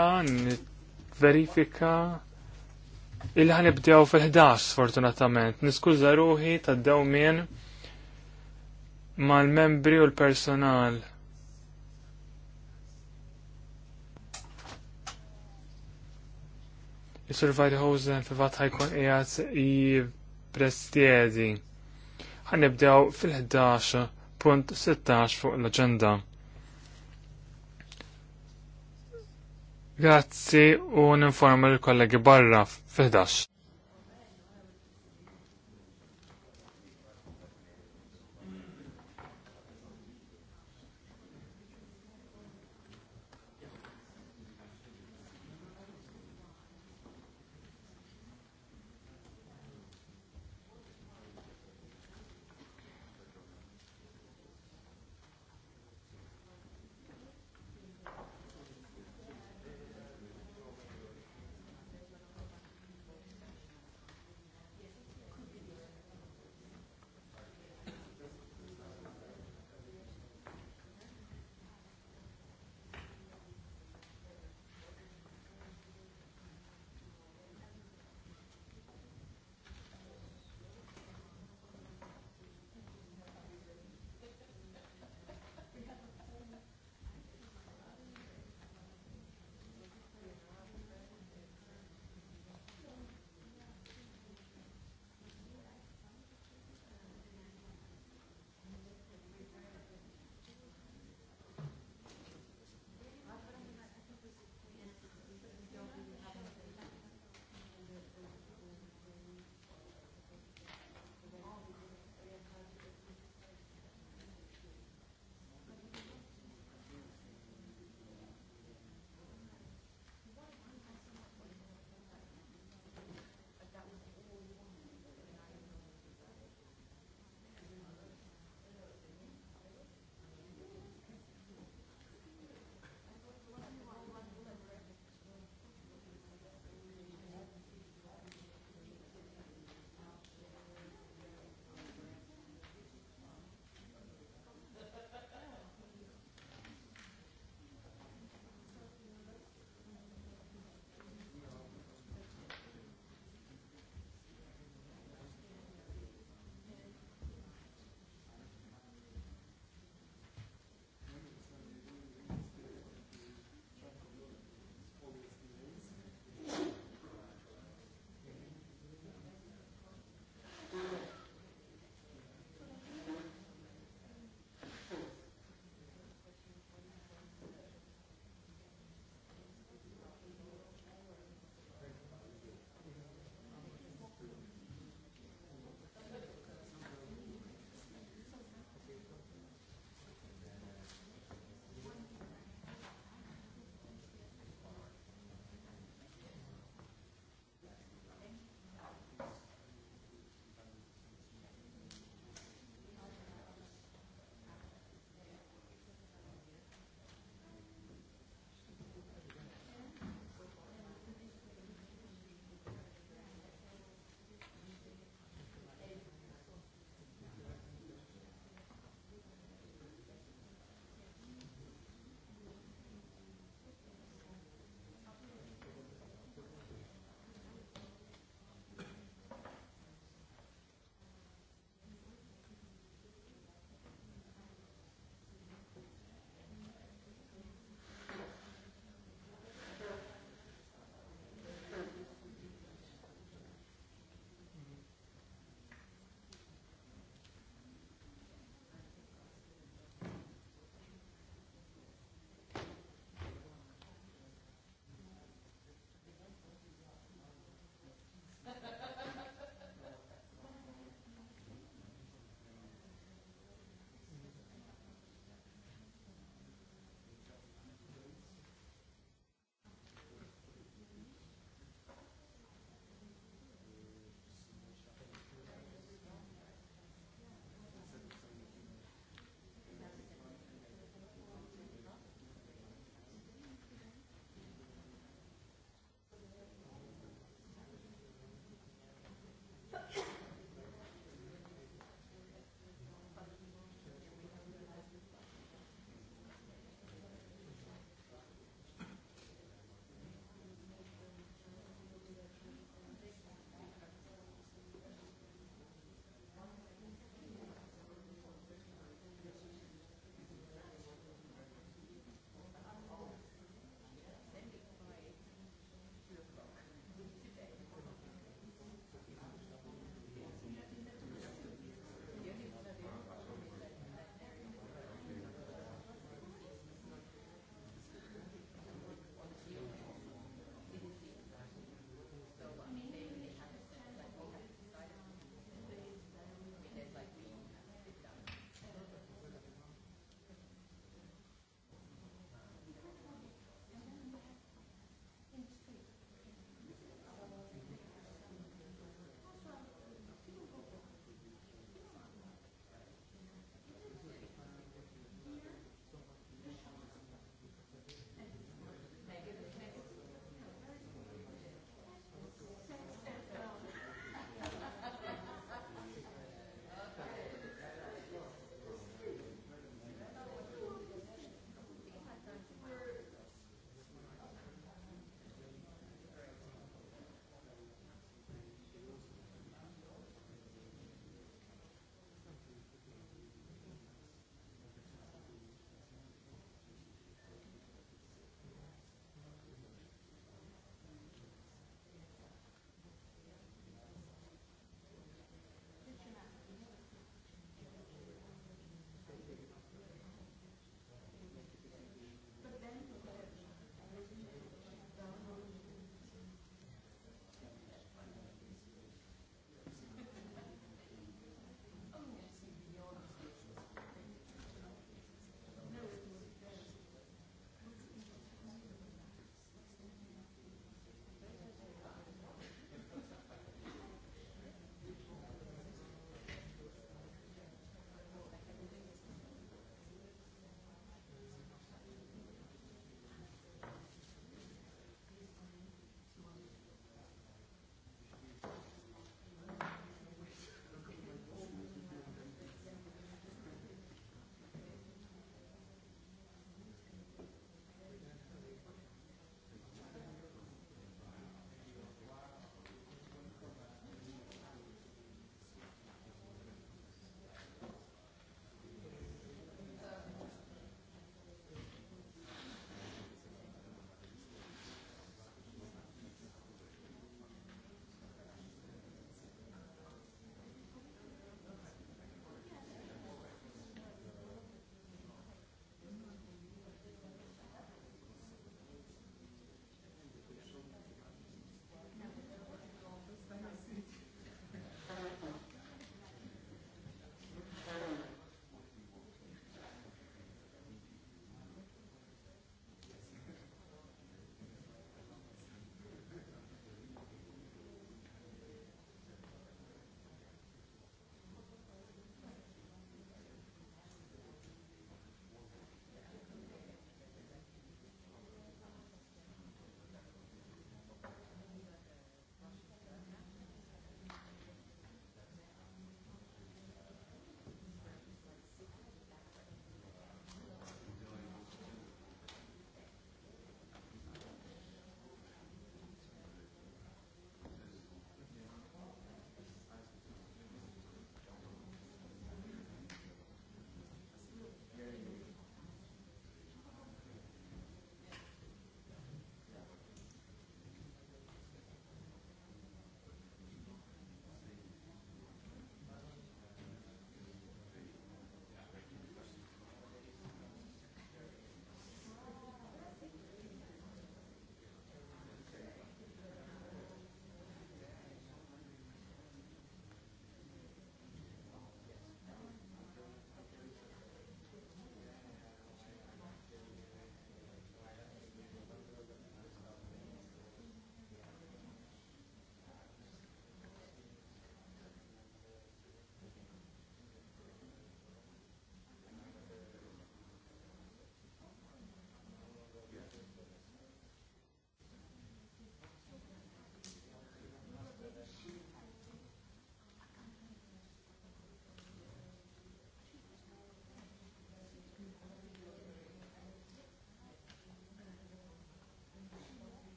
verifika il ħanibdew fil-11 fortunatament. Niskuża ruħi ta' dew mal-membri u l-personal. Is-Survivor Hosen fil-vat ħajkun qiegħed i prestiedi ħanibdew fil-11.16 fuq l-agenda. Grazzi u n-informa l-kollegi barra fil-11.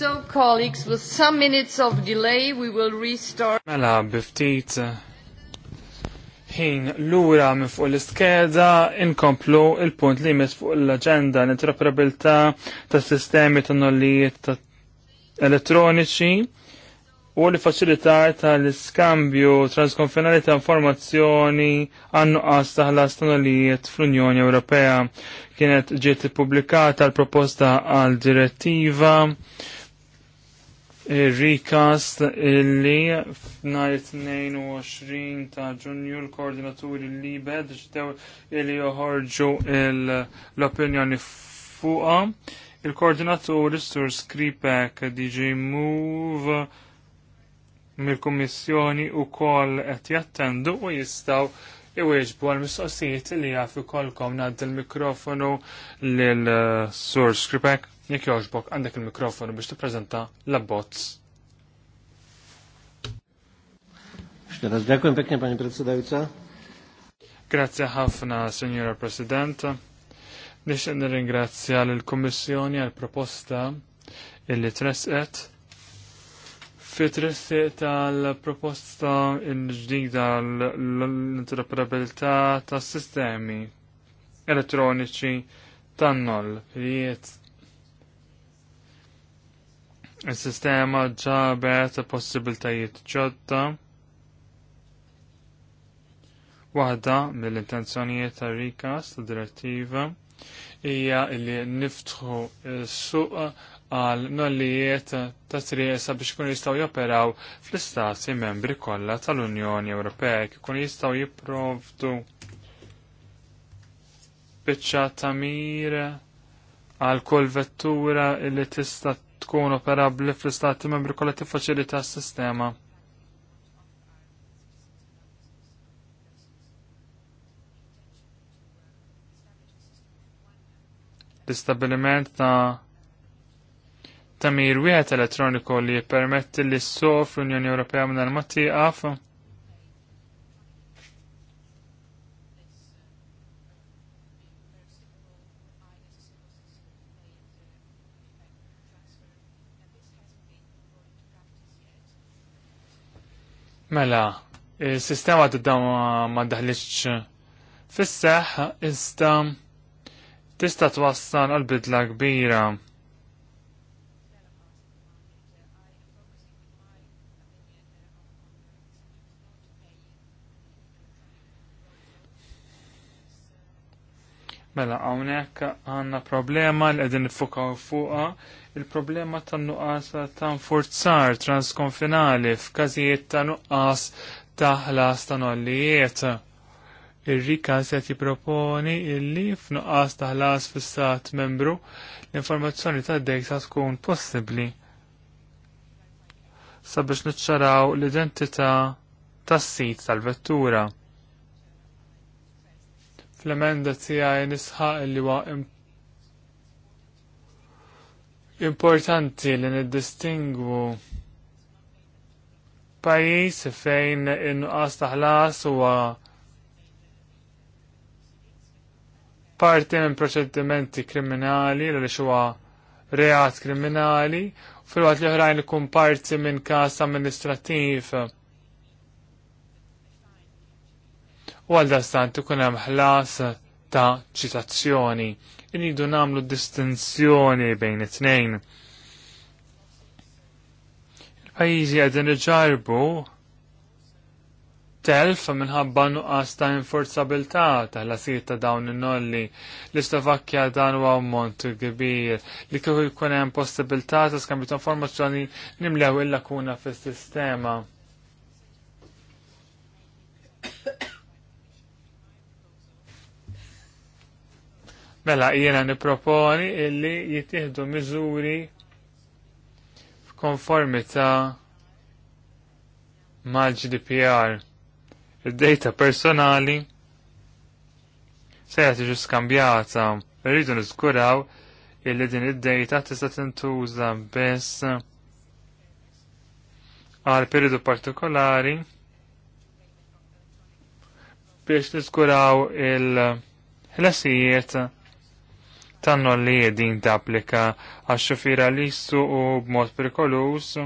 So, colleagues, with some minutes of delay, we will restart. Mela, biftit eh, ħin lura minn fuq l-iskeda inkomplu il-punt li jmiss fuq l-agenda l-interoperabilità ta' sistemi ta' nollijiet elettroniċi u li faċilitar l iskambju transkonfinali ta' informazzjoni għannu qas taħlas ta' nollijiet fl-Unjoni Ewropea. Kienet ġiet publikata l-proposta għal direttiva Rikast illi f'nar 22 ta' ġunju l-koordinaturi li bed ġdew illi joħorġu l-opinjoni fuqa. Il-koordinaturi sur Skripek DJ Move mill-Kummissjoni u koll qed jattendu u jistaw iwieġbu għal-mistoqsijiet li jaf kolkom nad il-mikrofonu lil eh, Sur Skripek. Jekk jogħġbok għandek il-mikrofonu biex tippreżenta l-abbozz. Xteraz Pani Grazie ħafna, Signora President. Nix nirringrazzja l komissjoni għal-proposta illi tresqet fit-tressi tal-proposta il-ġdida l-interoperabilità tas sistemi elettroniċi tan-noll, Il-sistema ġabet possibiltajiet ġodda. Waħda mill-intenzjonijiet ta' rikas ta' direttiva hija li niftħu s-suq għal nollijiet ta' triesa biex kun jistaw joperaw fl-istati membri kollha tal-Unjoni Ewropea kun jistaw jipprovdu biċċa tamir għal kull vettura li tista' tkun operabbli fl-istati membri kollha tiffaċilita s-sistema. L-istabiliment ta' tamir wieħed elettroniku li jippermetti li s-sof l-Unjoni Ewropea minn ma tieqaf Mela, il-sistema tidda ma daħliċ fis ista iżda tista' twassal għal bidla kbira. Mela, għawnek għanna problema li fuqa u fuqa il-problema ta' nuqqas ta' nfurzar transkonfinali f'każijiet ta' nuqqas ta' ħlas ta' nollijiet. Ir-rika se jipproponi illi f'nuqqas ta' ħlas fis membru l-informazzjoni ta' dejk sa' tkun possibbli sabiex niċċaraw l-identità tas-sit tal-vettura. Fl-emenda tiegħi nisħaq li huwa Importanti li niddistingwu pajis fejn in-nuqqas taħlas huwa parti minn proċedimenti kriminali li huwa reat kriminali fil-waqt li oħrajn ikun parti minn każ amministrattiv. U għal dastant ikun hemm ħlas ta' ċitazzjoni. Iridu namlu distinzjoni bejn it-tnejn. Il-pajjiżi qegħdin iġarbu telf minħabba nuqqas ta' inforzabilità ta' la ta' dawn in-nolli. L-Istovakkja dan u ammont kbir li kieku jkun hemm possibilità ta' skambju ta' informazzjoni nimlew il-lakuna fis-sistema. Mela jiena niproponi illi jittihdu miżuri f'konformità mal-GDPR. Id-data personali se jgħati skambjata. Rridu niżguraw illi din id-data tista' tintuża biss għal periodu partikolari biex niskuraw il-ħlasijiet tanno li jedin ta' applika għax xufira li jissu u b'mod prikolus.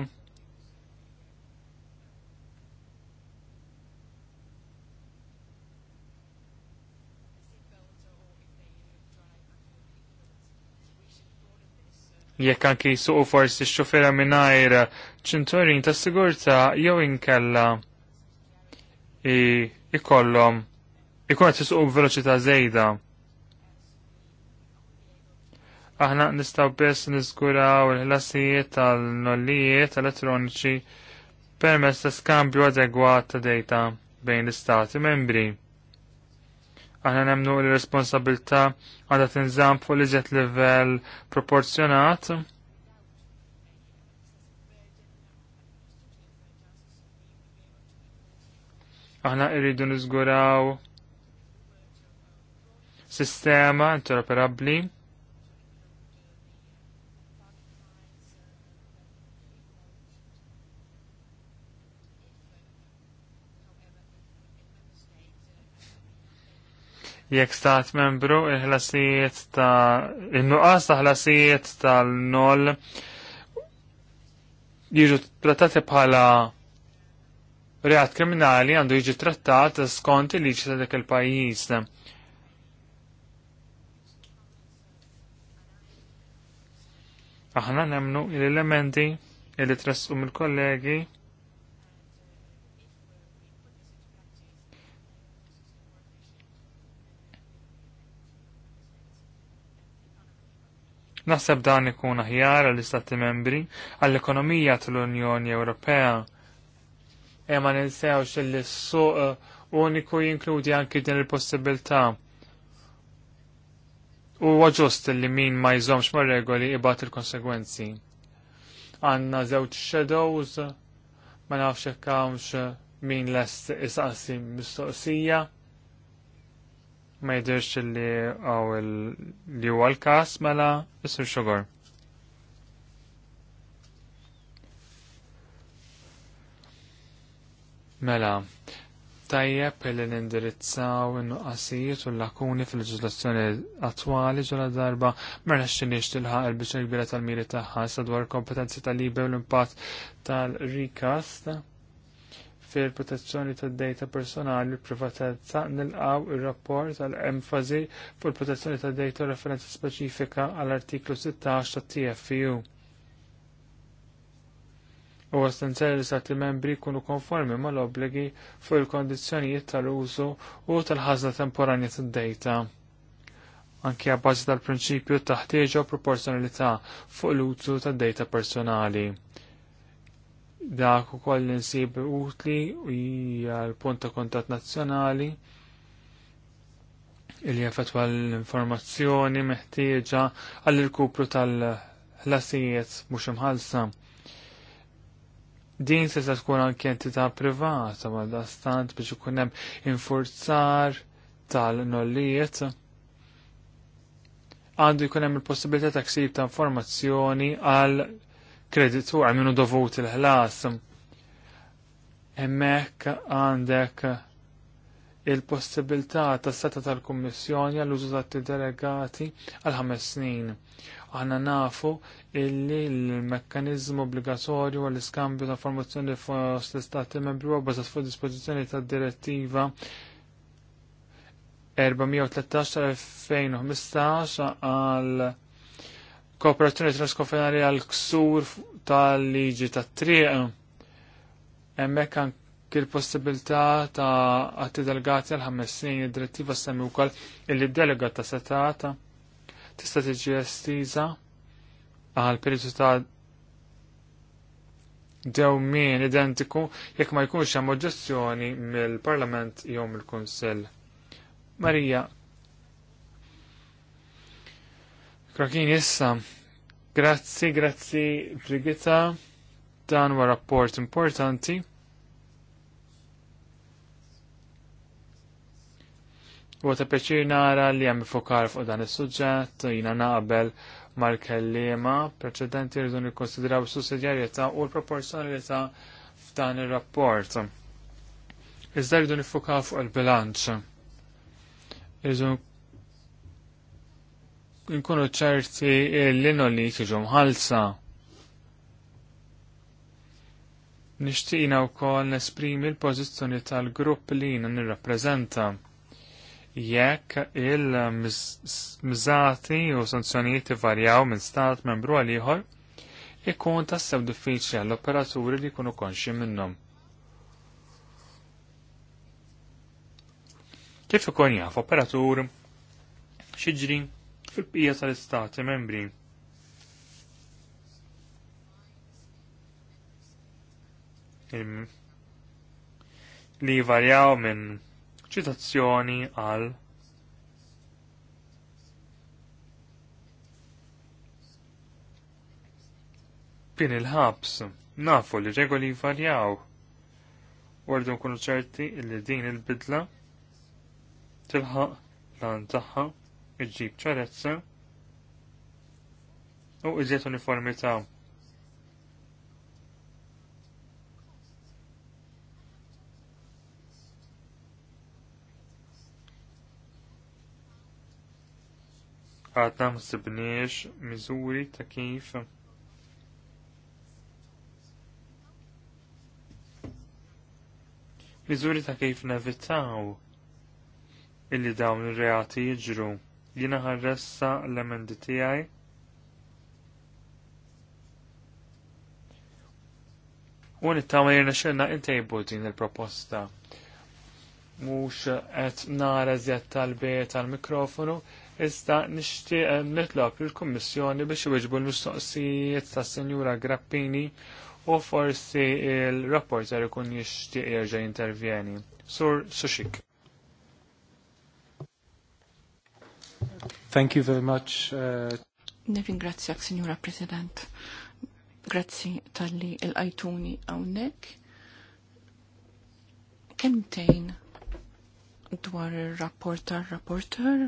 Jekk anki u forsi x-xufira mingħajr ċinturin ta' sigurta jew inkella ikollhom ikun qed jisuqu b'veloċità żejda aħna nistaw biss niżguraw il-ħlasijiet tal-nollijiet elettroniċi permezz ta' skambju adegwat ta' data bejn l-istati membri. Aħna nemnu l responsabilità għadha tinżamm fuq liġet livell proporzjonat aħna irridu niżguraw sistema interoperabbli jekk stat membru il-ħlasijiet ta' il-nuqqas ta' ħlasijiet tal-nol jiġu trattati bħala reat kriminali għandu jiġi trattat skont il-liġi ta' dak il-pajis. Aħna nemnu il trasqu mill-kollegi il Naħseb dan ikun aħjar għall-Istati membri għall-ekonomija tal-Unjoni Ewropea. Ema nil-sew li s-suq uh, uniku jinkludi anki din il-possibilità. U ġust li min ma jżomx ma regoli ibat il-konsegwenzi. Għanna zewċ shadows, ma nafx hekk min lest isqasi mistoqsija ma jidirx li għaw li huwa l-kas mela isir xogor. Mela, tajjeb li nindirizzaw in-nuqqasijiet u l-lakuni fil-leġislazzjoni attwali ġola darba marna mela xinix tilħaq il-bicċa kbira tal-miri taħħa sadwar kompetenzi tal-libe u l-impatt tal-rikast. tal libe u l impatt tal rikast fil-protezzjoni tad data personali privatezza nilqaw ir-rapport għal enfasi fuq il-protezzjoni tad data referenza speċifika għall artiklu 16 tat TFU. U għastanzjali li sati membri jkunu konformi mal-obbligi fuq il-kondizzjonijiet tal-użu u tal ħazna temporanja tad data anke għabbażi tal-prinċipju taħtieġa proporzjonalità fuq l-użu tad data personali dak ukoll li nsib utli hija l-punt ta' nazjonali il-li l-informazzjoni meħtieġa għall-irkupru tal-ħlasijiet mhux imħallsa. Din se tkun anke entità privata da stant biex ikun hemm infurzar tal-nollijiet għandu jkun hemm il-possibilità ta' ksib ta' informazzjoni għal kreditu għaminu dovut il-ħlas. Emmek għandek il-possibilità ta' seta tal-Kommissjoni għall-użu ta' delegati għal ħames snin. Għanna nafu illi l-mekkanizmu obbligatorju għall-iskambju ta' formazzjoni fost l-Istati membri u bazzat fuq dispożizzjoni ta' direttiva 413 2015 għal kooperazzjoni transkonfinali għal ksur tal-liġi tat-triq, emmek anki l-possibilità ta' għatti delegati għal ħames snin id-direttiva semmi wkoll illi delega ta' setata tista' tiġi estiża għal periodu ta' dewmien identiku jekk ma jkunx hemm oġġezzjoni mill-Parlament jew mill-Kunsill. Marija Krakin issa. Grazzi, grazzi Brigitta. Dan wa rapport importanti. U ta' peċir nara li għam fokar fuq dan is-suġġett jina naqbel mal-kellima preċedenti rridu nikkonsidraw sussidjarjetà u l-proporzjonalità f'dan ir-rapport. Iżda rridu nifokaw fuq il-bilanċ. Irridu nkunu ċerti l-inoli jiġu ħalsa. Nishtiqina u kol nesprimi l-pozizjoni tal-grupp li jina nirrapprezenta. Jekk il-mżati u sanzjonijiet varjaw minn stat membru għal ieħor, ikun tassew diffiċli għall-operaturi li jkunu konxi minnhom. Kif ikun jaf operatur xiġri fil-bqija tal-istati membri. li varjaw minn ċitazzjoni għal pin il-ħabs nafu li regoli varjaw Wardu kunu nkunu ċerti li din il-bidla tilħaq lan tagħha iġġib ċarezza u iżjed uniformità. Għadna msibniex miżuri ta' kif miżuri ta' kif nevitaw illi dawn ir-reati jiġru. Jina ħarressa l-emendi tiegħi. U nittama jirna xenna intejbu din il-proposta. Mux qed nara zjed tal-bejt tal-mikrofonu, iżda nixtieq nitlob lill-Kummissjoni biex iwiġbu l-mistoqsijiet tas senjura Grappini u forsi il-rapporter ikun jixtieq jerġa' intervjeni. Sur Sushik. Thank you very much. Uh... Nirringrazzjak, Signora President. Grazzi tal-li il-ajtuni għawnek. Kemtejn dwar il-rapporter, rapporter.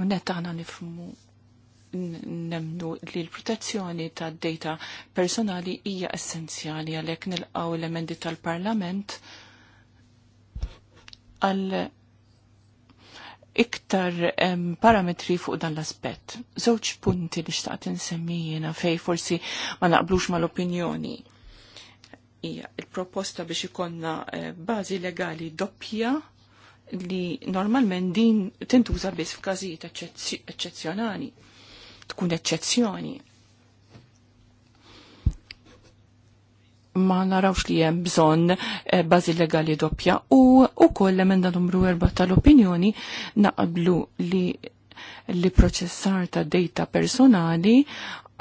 Mnet għana nifmu nemnu li l-protezzjoni ta' data personali hija essenzjali għalhekk nilqgħu l-emendi tal-Parlament għal iktar um, parametri fuq dan l-aspett. Żewġ punti li xtaqt insemmi jiena fej forsi ma naqblux mal-opinjoni. Ija, il-proposta biex ikonna eh, bażi legali doppja li normalment din tintuża biss f'każijiet eċċezzjonali, tkun eċċezzjoni. ma narawx li hemm bżonn eh, bażi legali doppja u ukoll emenda numru 4 tal-opinjoni naqblu li li proċessar ta' data personali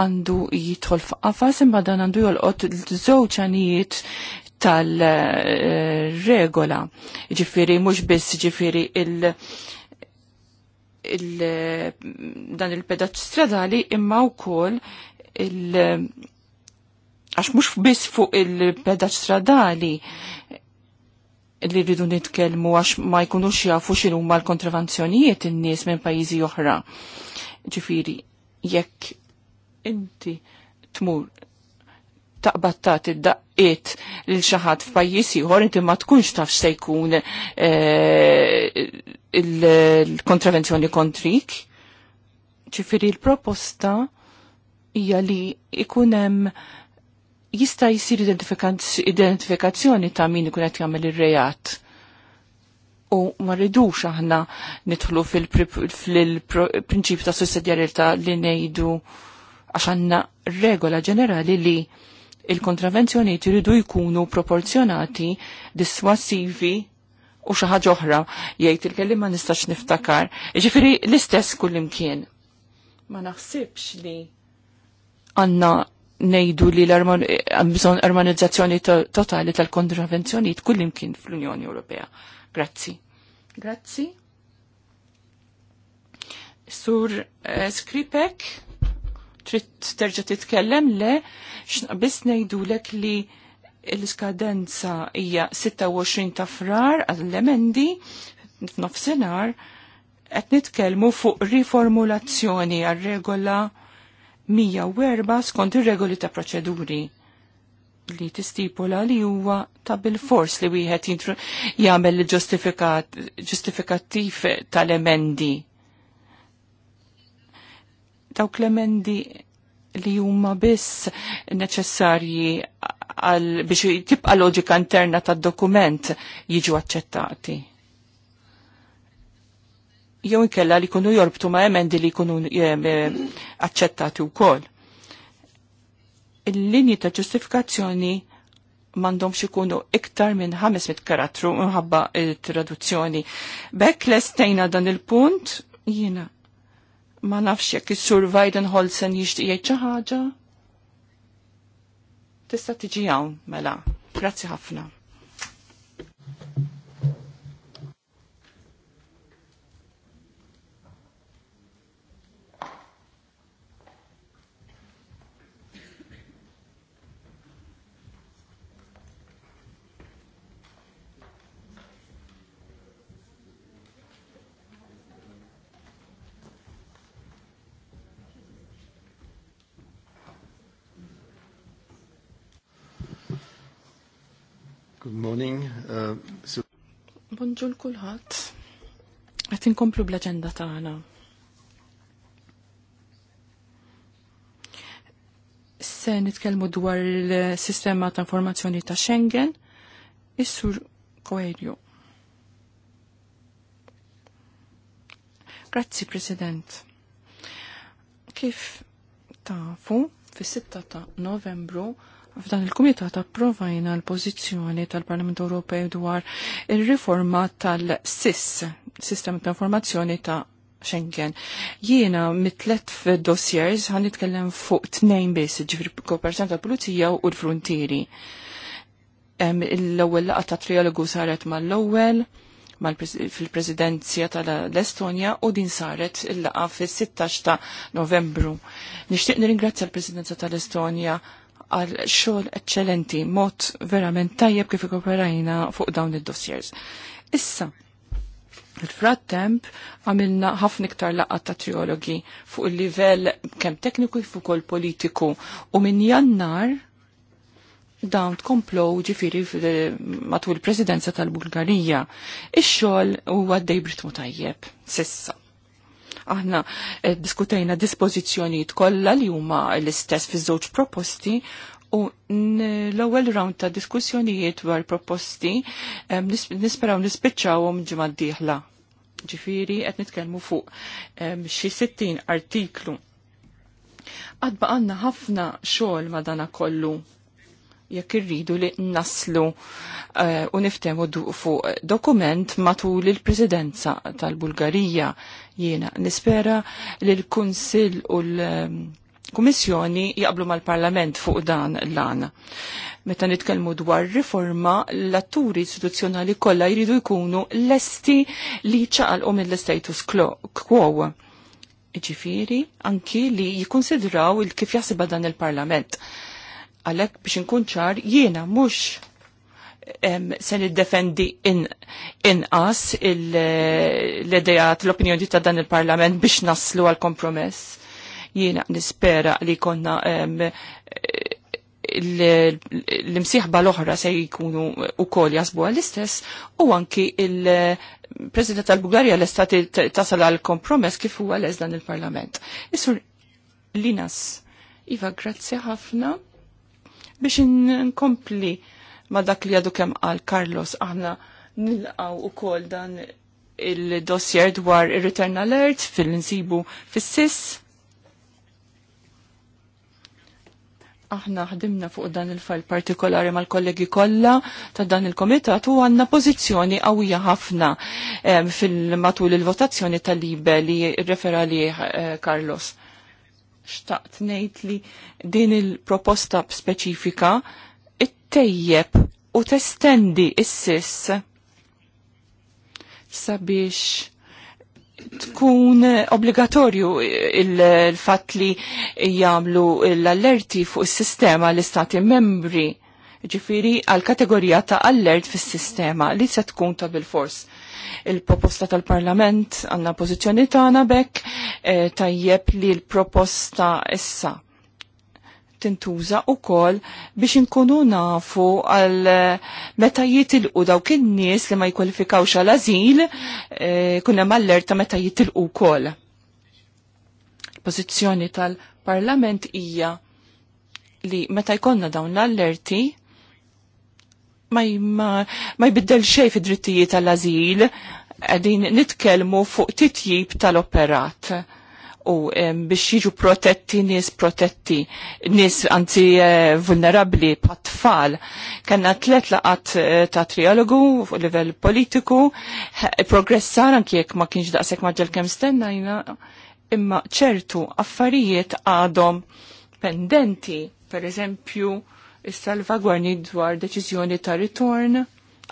għandu jitħol f'qafas imma dan għandu jolqot żewġ għanijiet tal-regola. Ġifiri, mux biss ġifiri il- il dan il-pedaċ stradali imma u kol il- għax mux biss fuq il-pedaċ stradali li rridu nitkelmu għax ma jkunux jafu xinu ma l-kontravanzjonijiet in-nies minn pajjiżi oħra. Ġifiri, jekk inti tmur taqbattat id-daqqiet lil xaħat f'pajjiż ieħor inti ma tkunx taf se jkun eh, il-kontravenzjoni kontrik. Ġifiri l-proposta hija li ikun hemm jista jisir identifikazzjoni ta' min ikun qed jagħmel ir-rejat. U ma rridux aħna nidħlu fil-prinċip ta' sussidjarjetà li ngħidu għax għandna regola ġenerali li il-kontravenzjoni tiridu jkunu proporzjonati, diswassivi u xi ħaġa oħra jgħid il kelliem ma nistax niftakar. Jiġifieri l-istess kullimkien. Ma naħsibx li għandna nejdu li l armonizzazzjoni totali tal-kontravenzjoniet kullimkien fl-Unjoni Ewropea. Grazzi. Grazzi. Sur eh, Skripek, trid terġa' titkellem le nejdu ngħidulek li l skadenza hija 26 ta' frar għall-emendi f'nofsinhar qed nitkellmu fuq riformulazzjoni għal regola 104 skont ir-regoli ta' proċeduri li tistipula li huwa ta' bil-fors li wieħed jagħmel ġustifikattiv tal-emendi. Dawk l-emendi li huma biss neċessarji biex tibqa' loġika interna tad-dokument jiġu aċċettati jew inkella li jkunu jorbtu ma' emendi li jkunu eh, eh, aċċettati wkoll. Il-linji ta' ġustifikazzjoni m'għandhomx ikunu iktar minn 500 karattru minħabba traduzzjoni. Bekk lestejna dan il-punt jiena ma nafx jekk is-Sur Weidenholzen Holsen jgħid xi ħaġa. Tista' tiġi hawn mela. Grazzi ħafna. Good morning. Uh, Bonġur kulħadd. Qed inkomplu bl-aġenda tagħna. Se nitkellmu dwar il-sistema ta' informazzjoni ta' Schengen, is-sur Coelho. Grazzi, President. Kif tafu, fis-6 ta' novembru, F'dan il-Kumitat approvajna l-pożizzjoni tal-Parlament Ewropej dwar il-riforma tal-SIS, Sistema ta' Informazzjoni ta' Schengen. Jiena mitlet f-dossiers għan nitkellem fuq t-nejn bis, ġifri kopertan tal-Pulizija u l-Frontieri. L-ewwel laqa ta' trialogu saret mal-ewwel fil-prezidenzja tal-Estonja u din saret il-laqa fil-16 ta' novembru. Nishtiq nirringrazzja l-prezidenzja tal-Estonja għal xogħol eċċellenti, mod verament tajjeb kif ikoperajna fuq dawn id-dossiers. Issa, il frattemp għamilna ħafna iktar laqat ta' triologi fuq il-livell kem tekniku fuq kol politiku u minn jannar dawn tkomplow ġifiri matul il-presidenza tal-Bulgarija. Ix-xogħol huwa dejbritmu britmu tajjeb sissa. Aħna eh, diskutejna dispożizzjonijiet kollha li huma l-istess fiż-żewġ proposti u l-ewwel round ta' diskussjonijiet dwar proposti nisperaw nispiċċawhom ġimgħa d-dieħla. Ġifieri qed nitkellmu fuq xi 60 artiklu. Għadba għanna ħafna xogħol madana kollu jekk irridu li naslu uh, u niftemu fuq dokument matul il-presidenza tal-Bulgarija jiena. Nispera li l-Kunsill u l-Kummissjoni jaqblu mal-Parlament fuq dan l-għana. Meta nitkellmu dwar riforma, l-atturi istituzzjonali kollha jridu jkunu lesti li ċaqalqu mill-status quo Iġifiri, anki li jikonsidraw il-kif jasiba dan il-parlament għalek biex nkun ċar jiena mux se niddefendi inqas in l-idejat l-opinjoni ta' dan il-parlament biex naslu għal kompromess. Jiena nispera li konna l-imsiħba l-oħra se jkunu u kol jasbu għall-istess u anki il-President tal-Bulgarija l estati tasal għal-kompromess kif huwa l dan il-Parlament. Isur Linas, Iva, grazzi ħafna biex nkompli ma dak li għadu kem għal Carlos aħna nilqaw u kol dan il-dossier dwar il-return alert fil-nsibu fil-sis. aħna ħdimna fuq dan il-fajl partikolari mal-kollegi kollha ta' dan il-komitat u għandna pożizzjoni qawwija ħafna fil-matul il-votazzjoni tal-libe li referali eh, Carlos xtaqt ngħid li din il-proposta speċifika tejjeb u testendi is-sis sabiex tkun obbligatorju il-fat li jagħmlu l-allerti fuq is-sistema l-istati membri ġifiri għal kategorija ta' allert fis-sistema li se tkun ta' bil-fors il-proposta tal-Parlament għanna pozizjoni tagħna bekk e, tajjeb li l-proposta issa tintuża kol biex inkunu nafu għal meta jitilqu dawk in-nies li ma jkwalifikawx għal ażil e, kunna kun hemm allerta meta jitilqu wkoll. Pożizzjoni tal-Parlament hija li meta jkollna dawn l-allerti ma, ma jbiddel xej fi drittijiet tal-azil, għedin nitkelmu fuq titjib tal-operat u biex jiġu protetti nis protetti, nis anzi eh, vulnerabli pat-tfal. Kanna tlet laqat eh, ta' trialogu fuq livell politiku, progressar anki jekk ma kienx daqsek maġġel kem stennajna, imma ċertu affarijiet għadhom pendenti, per eżempju, is-salvagwarni dwar deċiżjoni ta' ritorn.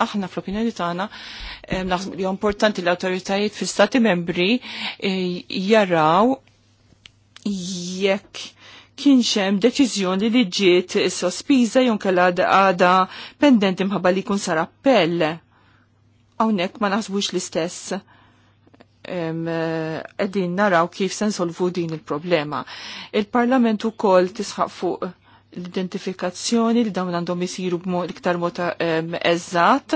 Aħna fl-opinjoni tagħna eh, naħsbu li importanti l-awtoritajiet fil stati membri eh, jaraw jekk kienx hemm deċiżjoni li ġiet sospiża jew kellha għada pendenti mħabba li jkun sar appell. Hawnhekk ma naħsbux l-istess eh, qegħdin naraw kif se nsolvu din il-problema. Il-Parlament ukoll tisħaq fuq l-identifikazzjoni li dawn għandhom jisiru b'iktar iktar mod eżatt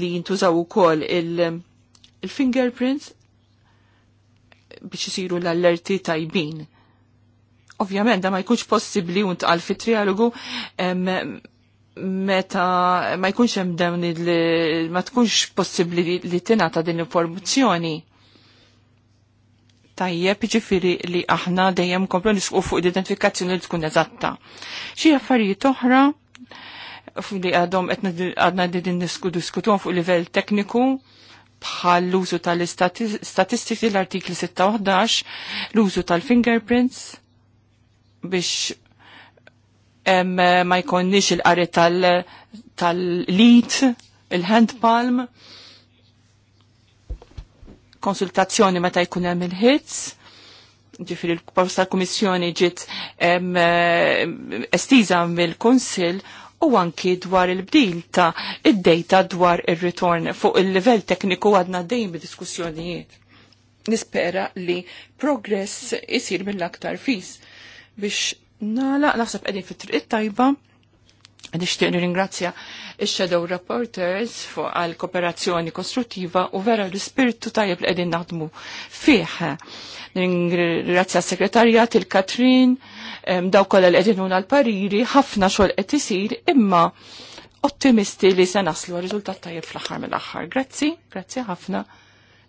li jintużaw ukoll il-fingerprints biex isiru l-allerti tajbin. Ovvjament, da ma jkunx possibli un tqal fit trialogu meta ma jkunx hemm dawn ma tkunx possibbli li tingħata din l-informazzjoni tajjeb ġifiri li aħna dejjem komplu nisqu fuq identifikazzjoni li tkun eżatta. Xi affarijiet oħra li għadhom qed għadna din diskutu fuq livell tekniku bħal l-użu tal-istatistiki l-artikli 16, l-użu tal-fingerprints biex ma jkonniex il-qari tal-lit, il-hand palm, konsultazzjoni meta jkun hemm il-ħitz, ġifir l-proposta kummissjoni ġiet eh, estiża mill-Kunsill u anki dwar il-bdil ta' id-dejta dwar ir-ritorn fuq il-livell tekniku għadna dejjem bid-diskussjonijiet. Nispera li progress isir mill-aktar fis biex nala naħseb qegħdin fit-triq tajba Nishtiq nirringrazzja il-Shadow Reporters fuq għal kooperazzjoni kostruttiva u vera l-spiritu tajjeb li qegħdin naħdmu fih. Nirringrazzja s-Sekretarjat il-Katrin, daw kollha li qegħdin huna l-pariri, ħafna xogħol qed isir, imma ottimisti li se naslu riżultat tajjeb fl-aħħar mill-aħħar. Grazzi, grazzi ħafna.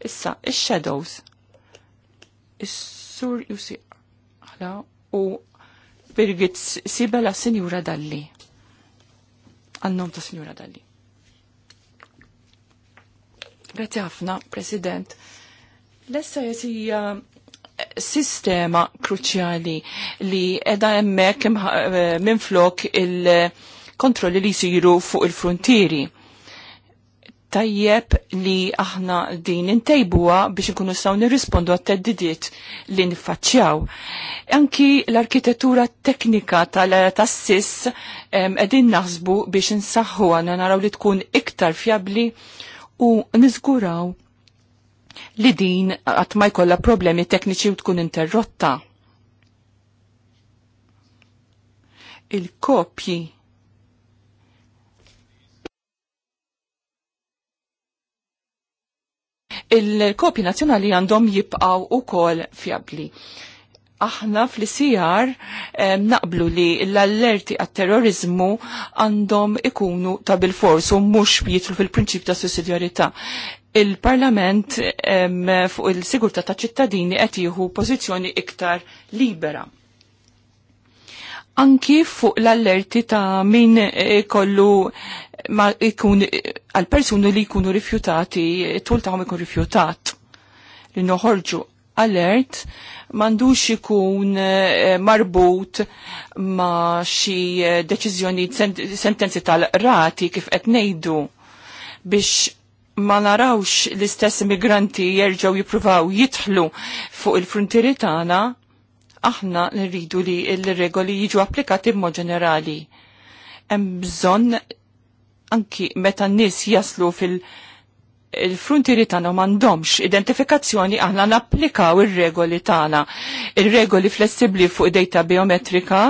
Issa, ix-Shadows. Is-sur Jusi u Birgit Sibela Sinjura Dalli għannom ta' Signora Dalli. Grazie ħafna, President. Lessa jesija eh, sistema kruċjali li edha emmek eh, minflok il- kontrolli li jisiru fuq il-frontieri tajjeb li aħna din intejbuha biex nkunu saw nirrispondu għat-teddidiet li nifacċjaw. Anki l-arkitettura teknika tal-tassis edin naħsbu biex nsaħħu għana naraw li tkun iktar fjabbli u niżguraw li din qatt ma jkollha problemi tekniċi u tkun interrotta. Il-kopji il-kopji nazzjonali għandhom jibqaw kol fjabli. Aħna fl-sijar naqblu li l-allerti għat-terrorizmu għandhom ikunu ta' bil-fors u mux bietlu fil-prinċip ta' sussidjarita. il-Parlament fuq il-sigurta ta' ċittadini qed jieħu pożizzjoni iktar libera. Anki fuq l-allerti ta' min kollu ma ikun għal persuni li jkunu rifjutati, tul taħom ikun rifjutat. Li noħorġu alert mandux ikun eh, marbut ma xi eh, deċizjoni sentenzi tal-rati kif qed ngħidu biex ma narawx l-istess migranti jerġgħu jippruvaw jitħlu fuq il-frontieri tagħna, aħna nirridu li l-regoli jiġu applikati b'mod ġenerali. Hemm bżonn anki meta n-nis jaslu fil- il-frontieri tagħna m'għandhomx identifikazzjoni aħna napplikaw ir-regoli tagħna. Ir-regoli flessibbli fuq data biometrika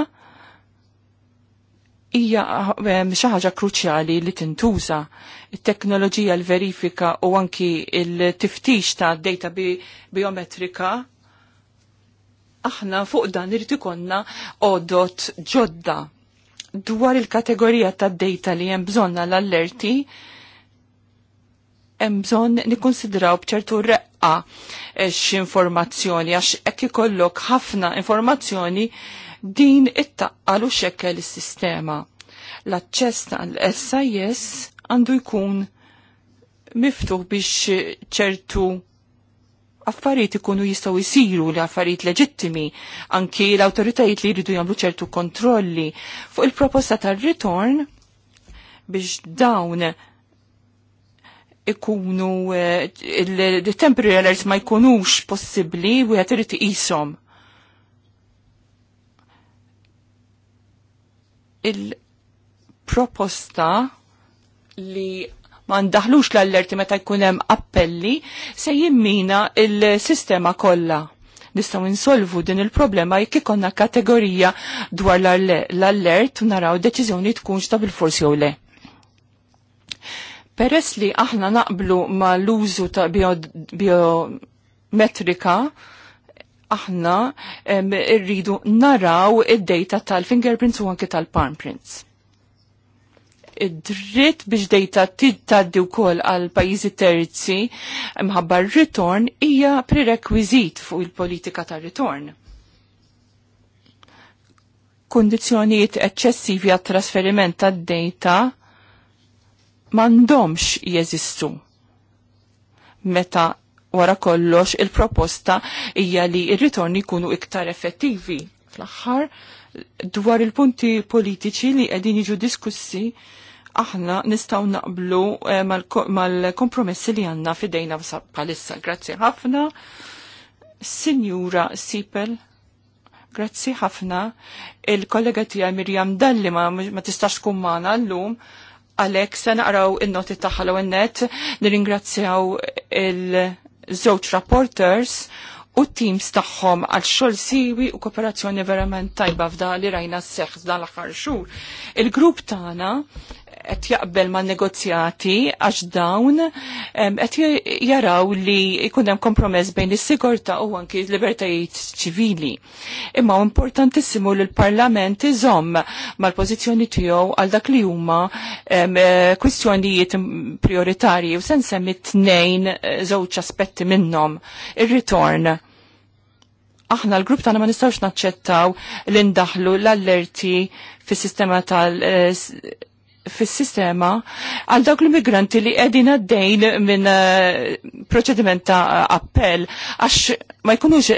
hija ehm, xi ħaġa kruċjali li tintuża. It-teknoloġija l-verifika u anki il-tiftix ta' data bi biometrika aħna fuq dan irid ikollna għodot ġodda dwar il-kategorija tad data li hemm bżonna l-allerti hemm bżonn nikkonsidraw bċertu reqqa x'informazzjoni għax hekk ikollok ħafna informazzjoni din ittaqqal u xekkel is-sistema. L-aċċess tal-SIS għandu jkun miftuħ biex ċertu affarijiet ikunu jistgħu jsiru li affarijiet leġittimi anki l-awtoritajiet li jridu jagħmlu ċertu kontrolli fuq il-proposta tar-ritorn biex dawn ikunu eh, il-temporary alerts ma jkunux possibbli u jgħat irid iqishom. Il-proposta li ma ndaħlux l-allerti meta jkun hemm appelli se jimmina il-sistema kollha. Nistgħu insolvu din il-problema jekk ikonna kategorija dwar l-allert u naraw deċiżjoni tkunx ta' bil-forsi jew le. Peress li aħna naqblu ma l-użu ta' biometrika, aħna irridu naraw id-data tal-fingerprints u anki tal-palmprints id-dritt biex dejta tittaddi wkoll għal pajjiżi terzi mħabba r-ritorn hija prerekwiżit fuq il-politika ta' ritorn. Kondizjoniet eċċessivi għat trasferiment ta' dejta mandomx jeżistu. Meta wara kollox il-proposta hija li r-ritorni jkunu iktar effettivi fl-aħħar dwar il-punti politiċi li qegħdin iġu diskussi aħna nistaw naqblu eh, mal-kompromessi li għanna fidejna palissa. Grazzi ħafna. Signora Sipel, grazzi ħafna. Il-kollega tija Mirjam Dalli ma, ma tistax tkun l llum. Alex, se naqraw il-noti taħħal u net, nirringrazzjaw il-żewġ rapporters u teams tagħhom għal xol siwi u kooperazzjoni verament tajba f'da li rajna s-seħħ dan l-aħħar xhur. Il-grupp tagħna qed jaqbel ma' negozjati għax dawn qed jaraw li jkun hemm kompromess bejn is-sigurtà u anki l-libertajiet ċivili. Imma importantissimu li l-Parlament iżomm mal-pożizzjoni tiegħu għal dak li huma eh, kwistjonijiet prioritarji u se semmi tnejn eh, żewġ aspetti minnhom. Ir-ritorn aħna l-grupp tagħna ma nistgħux naċċettaw li ndaħlu l-allerti fis-sistema tal- eh, fis-sistema għal dawk l-immigranti li qegħdin għaddejn minn eh, proċediment ta' appell għax ma jkunux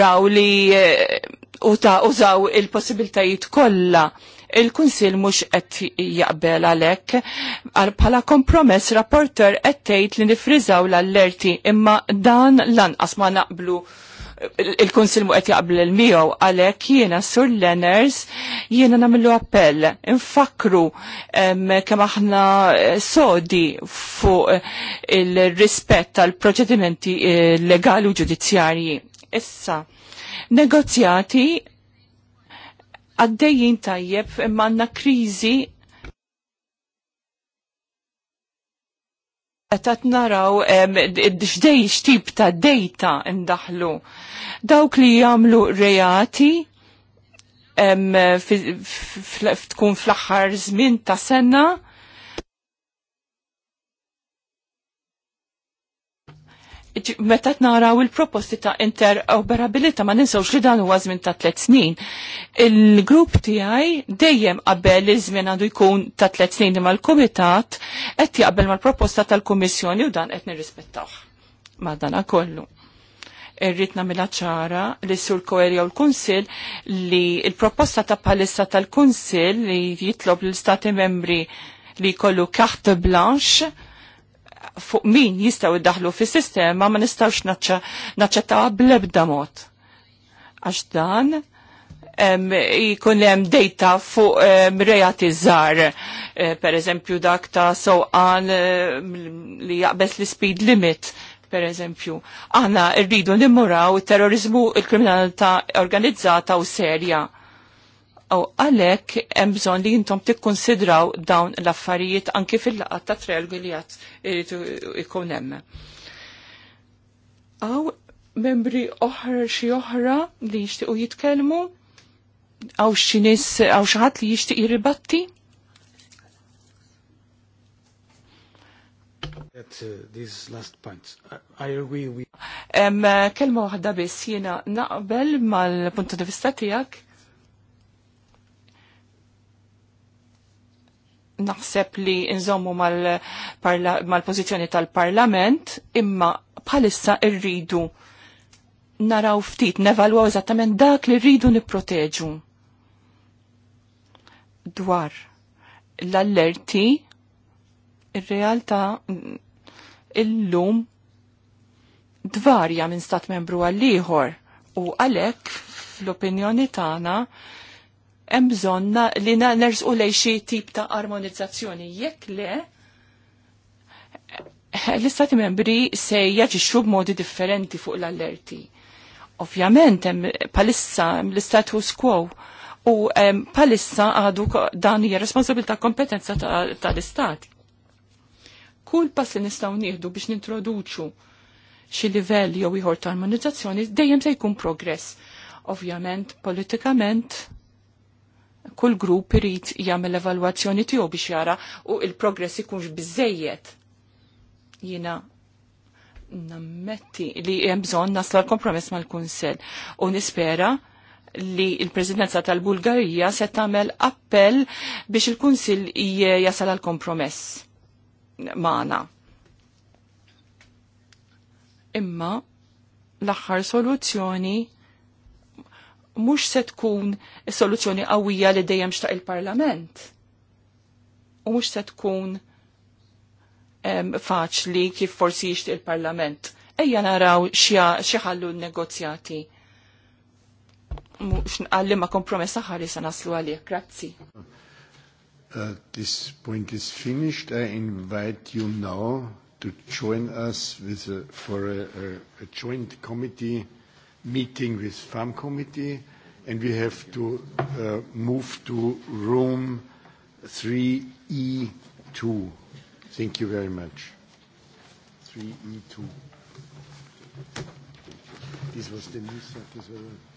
raw li eh, u ta' użaw il-possibiltajiet kollha il-Kunsil mhux qed jaqbel għalhekk bħala kompromess rapporter qed tgħid li nifriżaw l-allerti imma dan lanqas ma naqblu il-Kunsil mu qed jaqbel il-miegħu għalhekk jiena Sur Lenners jiena nagħmlu appell infakru kemm aħna eh, sodi fuq eh, il-rispett tal-proċedimenti eh, legali u ġudizzjarji. Issa, negozjati għaddejjin tajjeb imma għandna kriżi Etat naraw xdej xtib ta' dejta ndaħlu. Dawk li jamlu reati tkun fl-axar żmien ta' sena meta naraw il-proposti ta' interoperabilita ma ninsawx li dan huwa żmien ta' tliet snin. Il-grupp tiegħi dejjem qabel li żmien għandu jkun ta' tliet snin imma l-kumitat qed jaqbel mal-proposta tal-Kummissjoni u dan qed nirrispettaw. Madana kollu irrit namila ċara li sur koerja u l kunsill li l proposta ta' palissa tal kunsill li jitlob l-Stati membri li kollu kaħt blanche fuq min jistaw id-daħlu fis sistema ma nistawx naċċettaw bl-ebda mod. Għax dan jikun hemm data fuq rejati zzar, e, per eżempju dak ta' soqan e, li jaqbes li speed limit per eżempju, aħna rridu nimmuraw terrorizmu il-kriminalità organizzata u serja U għalek hemm bżonn li jintom tikkonsidraw dawn l-affarijiet anki fil-laqat ta' trelgu li għat ikun hemm. Aw membri oħra xi oħra li jixtiequ jitkellmu? Aw xi nies aw xi ħadd li jixtieq jirribatti? at uh, these last points. I agree with... Um, kelma wahda biss jena naqbel mal punta di vista tijak naħseb li nżommu mal-pozizjoni mal pozizjoni tal parlament imma bħalissa irridu naraw ftit, nevalwaw eżattament dak li rridu nipproteġu. Dwar l-allerti, il realtà mm, il lum dvarja minn stat membru għall ieħor u għalhekk l opinjoni tagħna hemm bżonn li nersqu lej xi tip ta' armonizzazzjoni. Jekk le, l-istati membri se jaġixxu b'modi differenti fuq l-allerti. Ovvjament, palissa l-status quo u palissa għadu dan hija responsabilta kompetenza tal-istati. Kull pass li nistgħu nieħdu biex nintroduċu xi livell jew ieħor ta' armonizzazzjoni dejjem se jkun progress. Ovvjament, politikament, kull grupp irid jagħmel evalwazzjoni tiegħu biex jara u il-progress ikunx biżejjed. Jiena nammetti li hemm bżonn nasla l-kompromess mal-Kunsell u nispera li il-Presidenza tal-Bulgarija se tagħmel appell biex il-Kunsill jasal għal kompromess magħna. Imma l-aħħar soluzzjoni mhux se tkun soluzzjoni qawwija li dejjem xtaq il-Parlament. U mhux se tkun faċli kif forsi jixtieq il-Parlament. Ejja naraw xi ħallu n-negozjati. Mux nqalli ma kompromess aħari sa naslu għalli. Grazzi. Uh, this point is finished. I invite you now to join us with a, for a, a, a joint committee meeting with farm committee and we have to uh, move to room 3E2. E Thank you very much. 3E2. E This was the news. This was